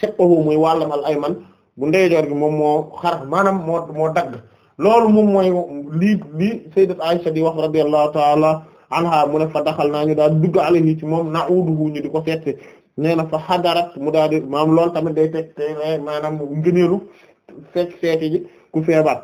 seppahu muy wàllam al ayman bu ndeyjoor gi moom moo xar maanaam moo moo dagg loolu moom mooy lii lii sayyidat Aisha di wax radiyallahu ta'ala anha mu ne fa daxal naa ñu daal dugg alayhi ci moom na'uduhu ñu di ko seet nee na fa xadarat mu daal di maanaam tamit day teg te maanaam ngëneelu fekk ji ku feebar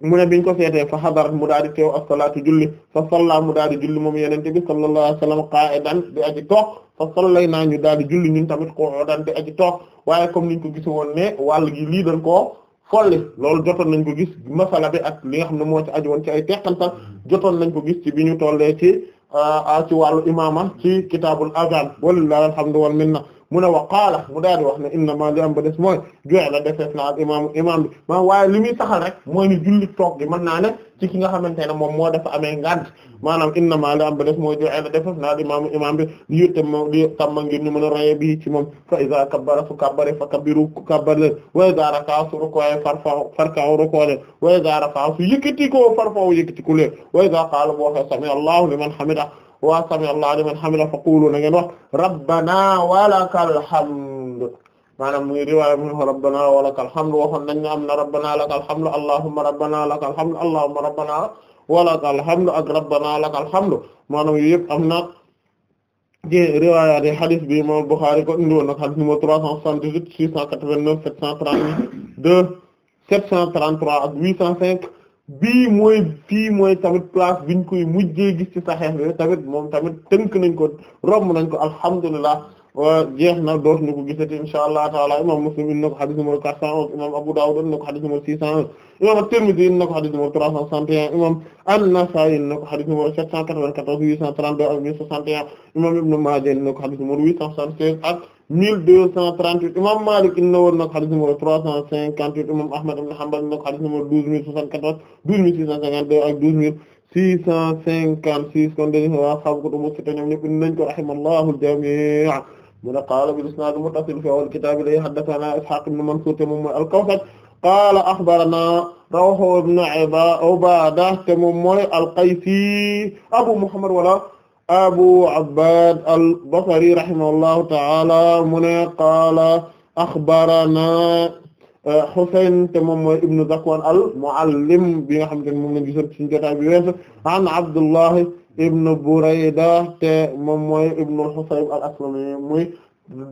mu ne biñ ko seetee fa xadarat mu daal di teew as-salaatu julli fa salla mu daal di julli moom yenente bi sallallahu wa sallam qaa'idan di aji toog fa sallaynaa ñu daal di julli ñun tamit qu'uudan di aji toog waaye comme niñ ko gis woon ne wàll gi lii dañ koo folli loolu jotoon nañ ko gis masala bi at li nga xam ne moo ci aju woon ci ay teqantal jotoon nañ ko gis ci bi ñu tollee ci euh, ci wàllu imaama ci kitaabul azaan walillahi alhamdu wal minna mu ne wa qaala mu daal di wax ne innama li am ba des mooy ju'ila defeef na al imam imam bi maa waaye li muy saxal ni julli toog gi man naa ne ci ki nga xamante ne moom moo def amee ngant maanaam innama li am ba des mooy ju'ila defeef na al imam imam bi li yuttam li tamma ngir ñu mën a roye bi ci moom fa iza kabbara su kabbare fa kabbiru kabbar leen wa iza raka'a su rukoye farfa o ruko leen wa iza rafa'a su yëkkati ko farfa'u yëkkati qaala boo waxe sami allahu liman hamida wa sami allah liman hamida fa qulu na ngeen wax rabbana walakal hamd maanaam muy riwaaya mu rabbana walakal hamd waxoon nañ ne am na rabbana lakal hamd allahumma rabbana lakal hamd allahumma rabbana walakal hamd ak rabbana lakal hamd maanaam yu yëpp am na di riwaaya di hadith bi imam Bukhari ko indi woon nag hadith numéro 378 689 732 733 ak 805 bii mooy fii mooy tamit place biñ koy mujjee gis ci saxeex bi tamit moom tamit tënk nañ ko romb nañ ko alhamdulilah jeex na dootuñu ko gisati insha allah taala imam muslim in na ko xadis numéro quatre cent onze imam abu dawud in ko xadis numéro six cent onze imam at-tirmidhi in ko xadis numéro trois cent quatre vingt huit cent trente-deux ak mille soixante et imam ibn maaja in ko xadis numéro huit cent soixante-seize ak mille deux cent trente-huit imam Malik inna woon nag xadis numéro trois cent cinquante-huit imam Ahmad ibn Hanbal nag xadis numéro douze mille soixante-quatorze douze mille six cent cinquante-deux ak douze mille six cent cinquante-six kon dañu waa xam ko tumu sita ñoom ñëpp nañ ko rahimallahu al-jami' mu ne qaala bil isnaad al-muttasil fi awwal kitaab li haddathanaa Ishaq ibn Mansuur te moom mooy al-Kawsaj qaala axbaranaa Rawh ibn Ubaada te moom mooy al-Qaysi Abu Muhammad wala abu abbad al-basri rahimahullahu ta'ala mu ne qaala axbarana uh, Husayn te moom mooy ibnu Zakwan al-Muallim bi nga xamante ne moom lañu gisoon ci jotaay bi weesu an Abdullahi ibnu Burayda te moom mooy ibnu Husayb al-Aslami muy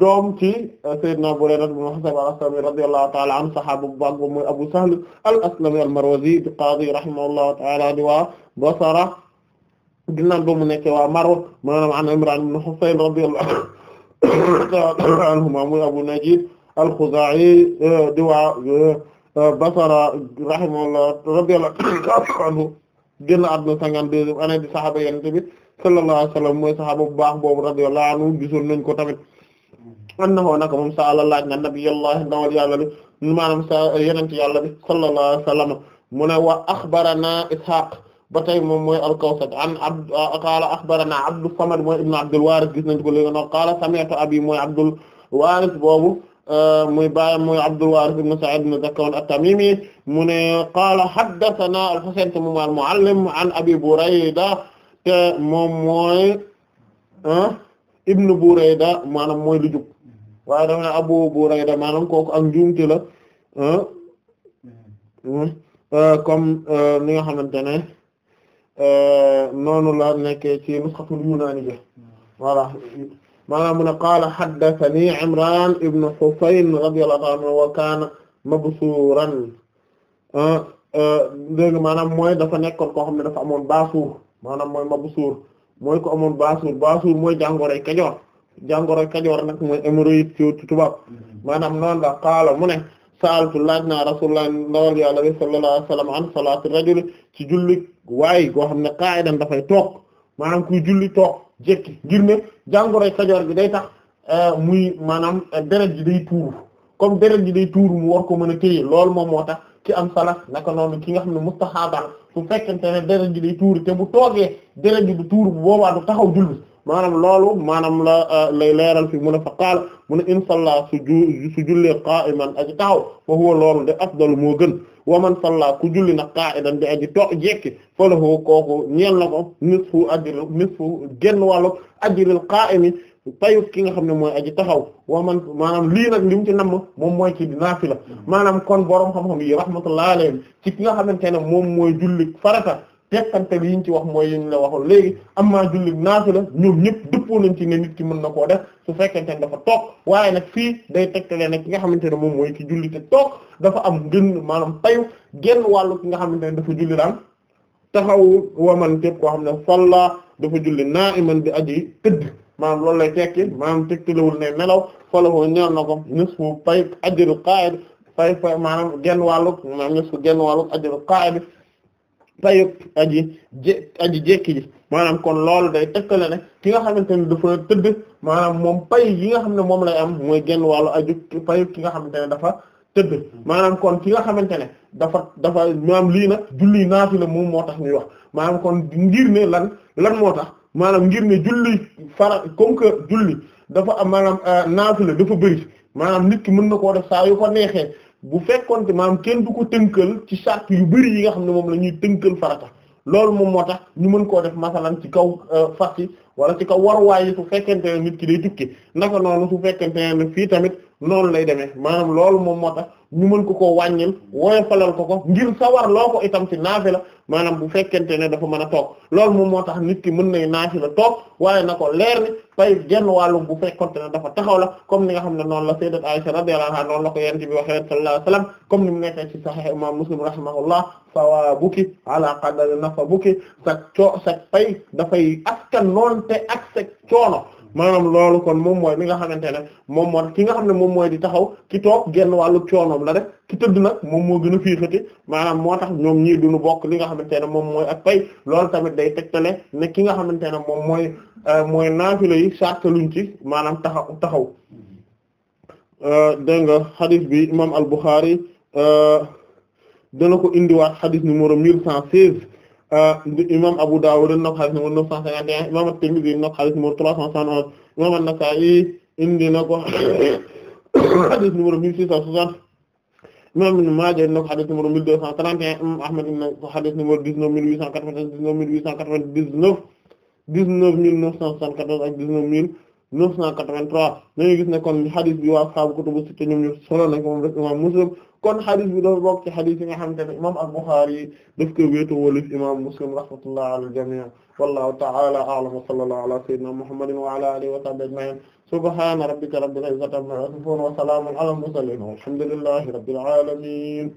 doom ci uh, Sayyidina Burayda ibnu Husayb al-Aslami radiyallahu ta'ala anhu sahaaba bu baax ba muy Abu Sahl al-Aslami al-Marwazi di qaadi rahimahullahu ta'ala di waa Basra ginnaaw ba mu nekkee waa Marwa maanaam an Imran ibn Husayn radiyallahu anhuma muy Abu Najid al-Khuzaa'i di waa euh, Basra rahimahullah radiyallahu anhu génn saxaaba yonent bi sallallahu wa sallam mooy saxaaba bu baax boobu radiyallahu anhu gisoon nañ ko tamit annahu naka moom sa àla laaj na nabiyallah ndawal yàlla bi sallallahu wa sallam mu ne wa axbarana Ishaq ba tey moom mooy al-Kawsaj an abd qaala Samad mooy ibn Abdul Waaris gis nañ ko léegi noonu qaala abi mooy Abdul Waaris boobu euh, muy baayam mooy Abdul Waaris ibn Sa'id ibn Zakwan at-Tamimi mu ne qaala haddathana al-Husayn moom al-Mu'allim an Abi Burayda te moom mooy ibn Burayda maanaam mooy lu jub waaye Abu Burayda maanaam kooku ak njuumte la comme euh, ni nga xamante ne Eh, noonu la nekkee ci nusxatul yunaani ja voilà maanaam mu ne qaala haddathani Imraan ibn Husayn radiyallahu anhu wa kaana mabsuuran eh, eh, dégg maanaam mooy dafa nekkoon koo xam ne dafa amoon baasuur maanaam mooy mabsuur mooy ko amoon baasuur baasuur mooy jàngoroy Kajoor jàngoroy Kajoor nag mooy hémorroïde ci tubaab mm-hmm. maanaam noonu la qaala mu ne saaltu laaj naa rasulullah ndawal yàlla bi sallallahu alayhi wasallam an salaati rajuli ci julli waaye goo xam ne qa'idan dafay toog maanaam kuy julli toog jekki ngir ne jàngoroy kajoor bi day tax eh, muy maanaam eh, deret ji day tuur comme deret ji day tuur mu war ko mën a téye loolu moom moo tax ki am salas naka noonu ki nga xam ne mustahaaba su fekkente ne deret ji day tuur te bu toogee deret ji du tuur bu boobaa du taxaw julli maanaam loolu maanaam la euh, lay leeral fi mu ne fa qaala mu ne in salla su ju su jullee qa'iman aji taxaw fa huwa loolu de afdalu moo gën wa man salla ku julli nag qa'idan di aji toog jekki fa lahu kooku ñeel na ko nisfu ajri nisfu genn wàllu ajril qa'imi payu ki nga xam ne mooy aji taxaw wa man maanaam lii nag li mu ci namm moom mooy ci naafila hmm. maanaam kon borom xam-xam yi rahmatullahi alayhim ci ki nga xamante ne moom mooy julli farata tekkantal yi ñu ci wax mooy yi ñu la waxul léegi am amma julli la ñoom ñëpp dëppoo nañ ci ne nit ki mën na koo def su fekkente ne dafa toog waaye nag fii day tegtalee nag ki nga xamante ne moom mooy ki julli te toog dafa am gën maanaam payu genn wàllu ki nga xamante ne dafa julli daan taxawu waman képp koo xam ne salla dafa julli naa'iman bi aji tëdd maanaam loolu lay tekki maanaam tegtalewul ne nelaw falahu ñeel na ko nisfu pay ajrul qaa'id fay fay maanaam genn wàllu maanaam nisfu genn wàllu ajrul qaa'id payug aji je aji jekki ji maanaam kon loolu day tëkkale ne ki nga xamante ne dafa tëdd maanaam moom pay yi nga xam ne moom lay am mooy genn wàllu aju payug ki nga xamante ne dafa tëdd maanaam kon ki nga xamante ne dafa dafa maanaam lii nag julli naafila moom moo tax ñuy wax maanaam kon ngir ne lan lan moo tax maanaam ngir ne julli fara comme que julli dafa am maanaam euh, naafila dafa bëri maanaam nit ki mën na ko def saa yu ko neexee bu fekkoon te maanaam kenn du ko tënkal ci sart yu bari yi nga xam ne moom la ñuy tënkal farata loolu moom moo tax ñu mën koo def masalan ci kaw euh, fas yi wala ci kaw waruwaay yi su fekkente ne nit ki day tukki naka noonu su fekkente ne fii tamit noonu lay demee maanaam loolu moom moo tax ñu mën ko koo wàññil woyofalal ko ko ngir sawar loo ko itam ci naafila maanaam bu fekkente ne dafa mën a toog loolu moom moo tax nit ki mën na nay naafila toog waaye na ko leer ni pay genn wàllum bu fekkonte ne dafa taxaw la comme ni nga xam ne noonu la sayyidat Aisha radiyallahu anha noonu la ko yent bi waxee sallallahu alayhi wasallam comme ni mu nekkee ci sahih imam Muslim rahimahullah sawaabuki ala qadari nafabuki sa coo sa pay dafay askan noonte ak sa coono maanaam loolu kon moom mooy li nga xamante ne moom moo ki nga xam ne moom mooy di taxaw ki toog genn wàllu coonoom la def ki tëdd nag moom moo gën a fiixati maanaam moo tax ñoom ñii duñu bokk li nga xamante ne moom mooy ak pay loolu tamit day tegtale ne ki nga xamante ne moom mooy euh, mooy naafila yi sartaluñ ci maanaam taxaw taxaw euh, dégg nga xadis bi imam al Bukhari euh, dana ko indiwaat xadis numéro mille cent seize Euh, imam Abu Dawud na ko xadis numéro 951 imam At-Tirmidhi na ko xadis numéro 371 imam An-Nasa'i indi na ko xadis numéro 1660 imam Ibn Majah indi na ko xadis numéro 1231 imam Ahmad indi na ko xadis numéro 19899 19899 19974 ak 19000 983 dañuy gis ne kon hadith bi waa ashaabu kutubu sitta ñoom ñu solo nañ ko moom rek imam Muslim kon hadith bi dafa bokk ci hadith yi nga xamante ne imam al-Bukhari daf ko wéeto walif imam Muslim rahmatullah ala al-jami' wallahu ta'ala a'lam wa sallallahu ala sayyidina Muhammadin wa ala alihi wa sahbihi ajma'in subhana rabbika rabbil izzati amma yasifun wa salamun ala al-mursalin walhamdulillahi rabbil alamin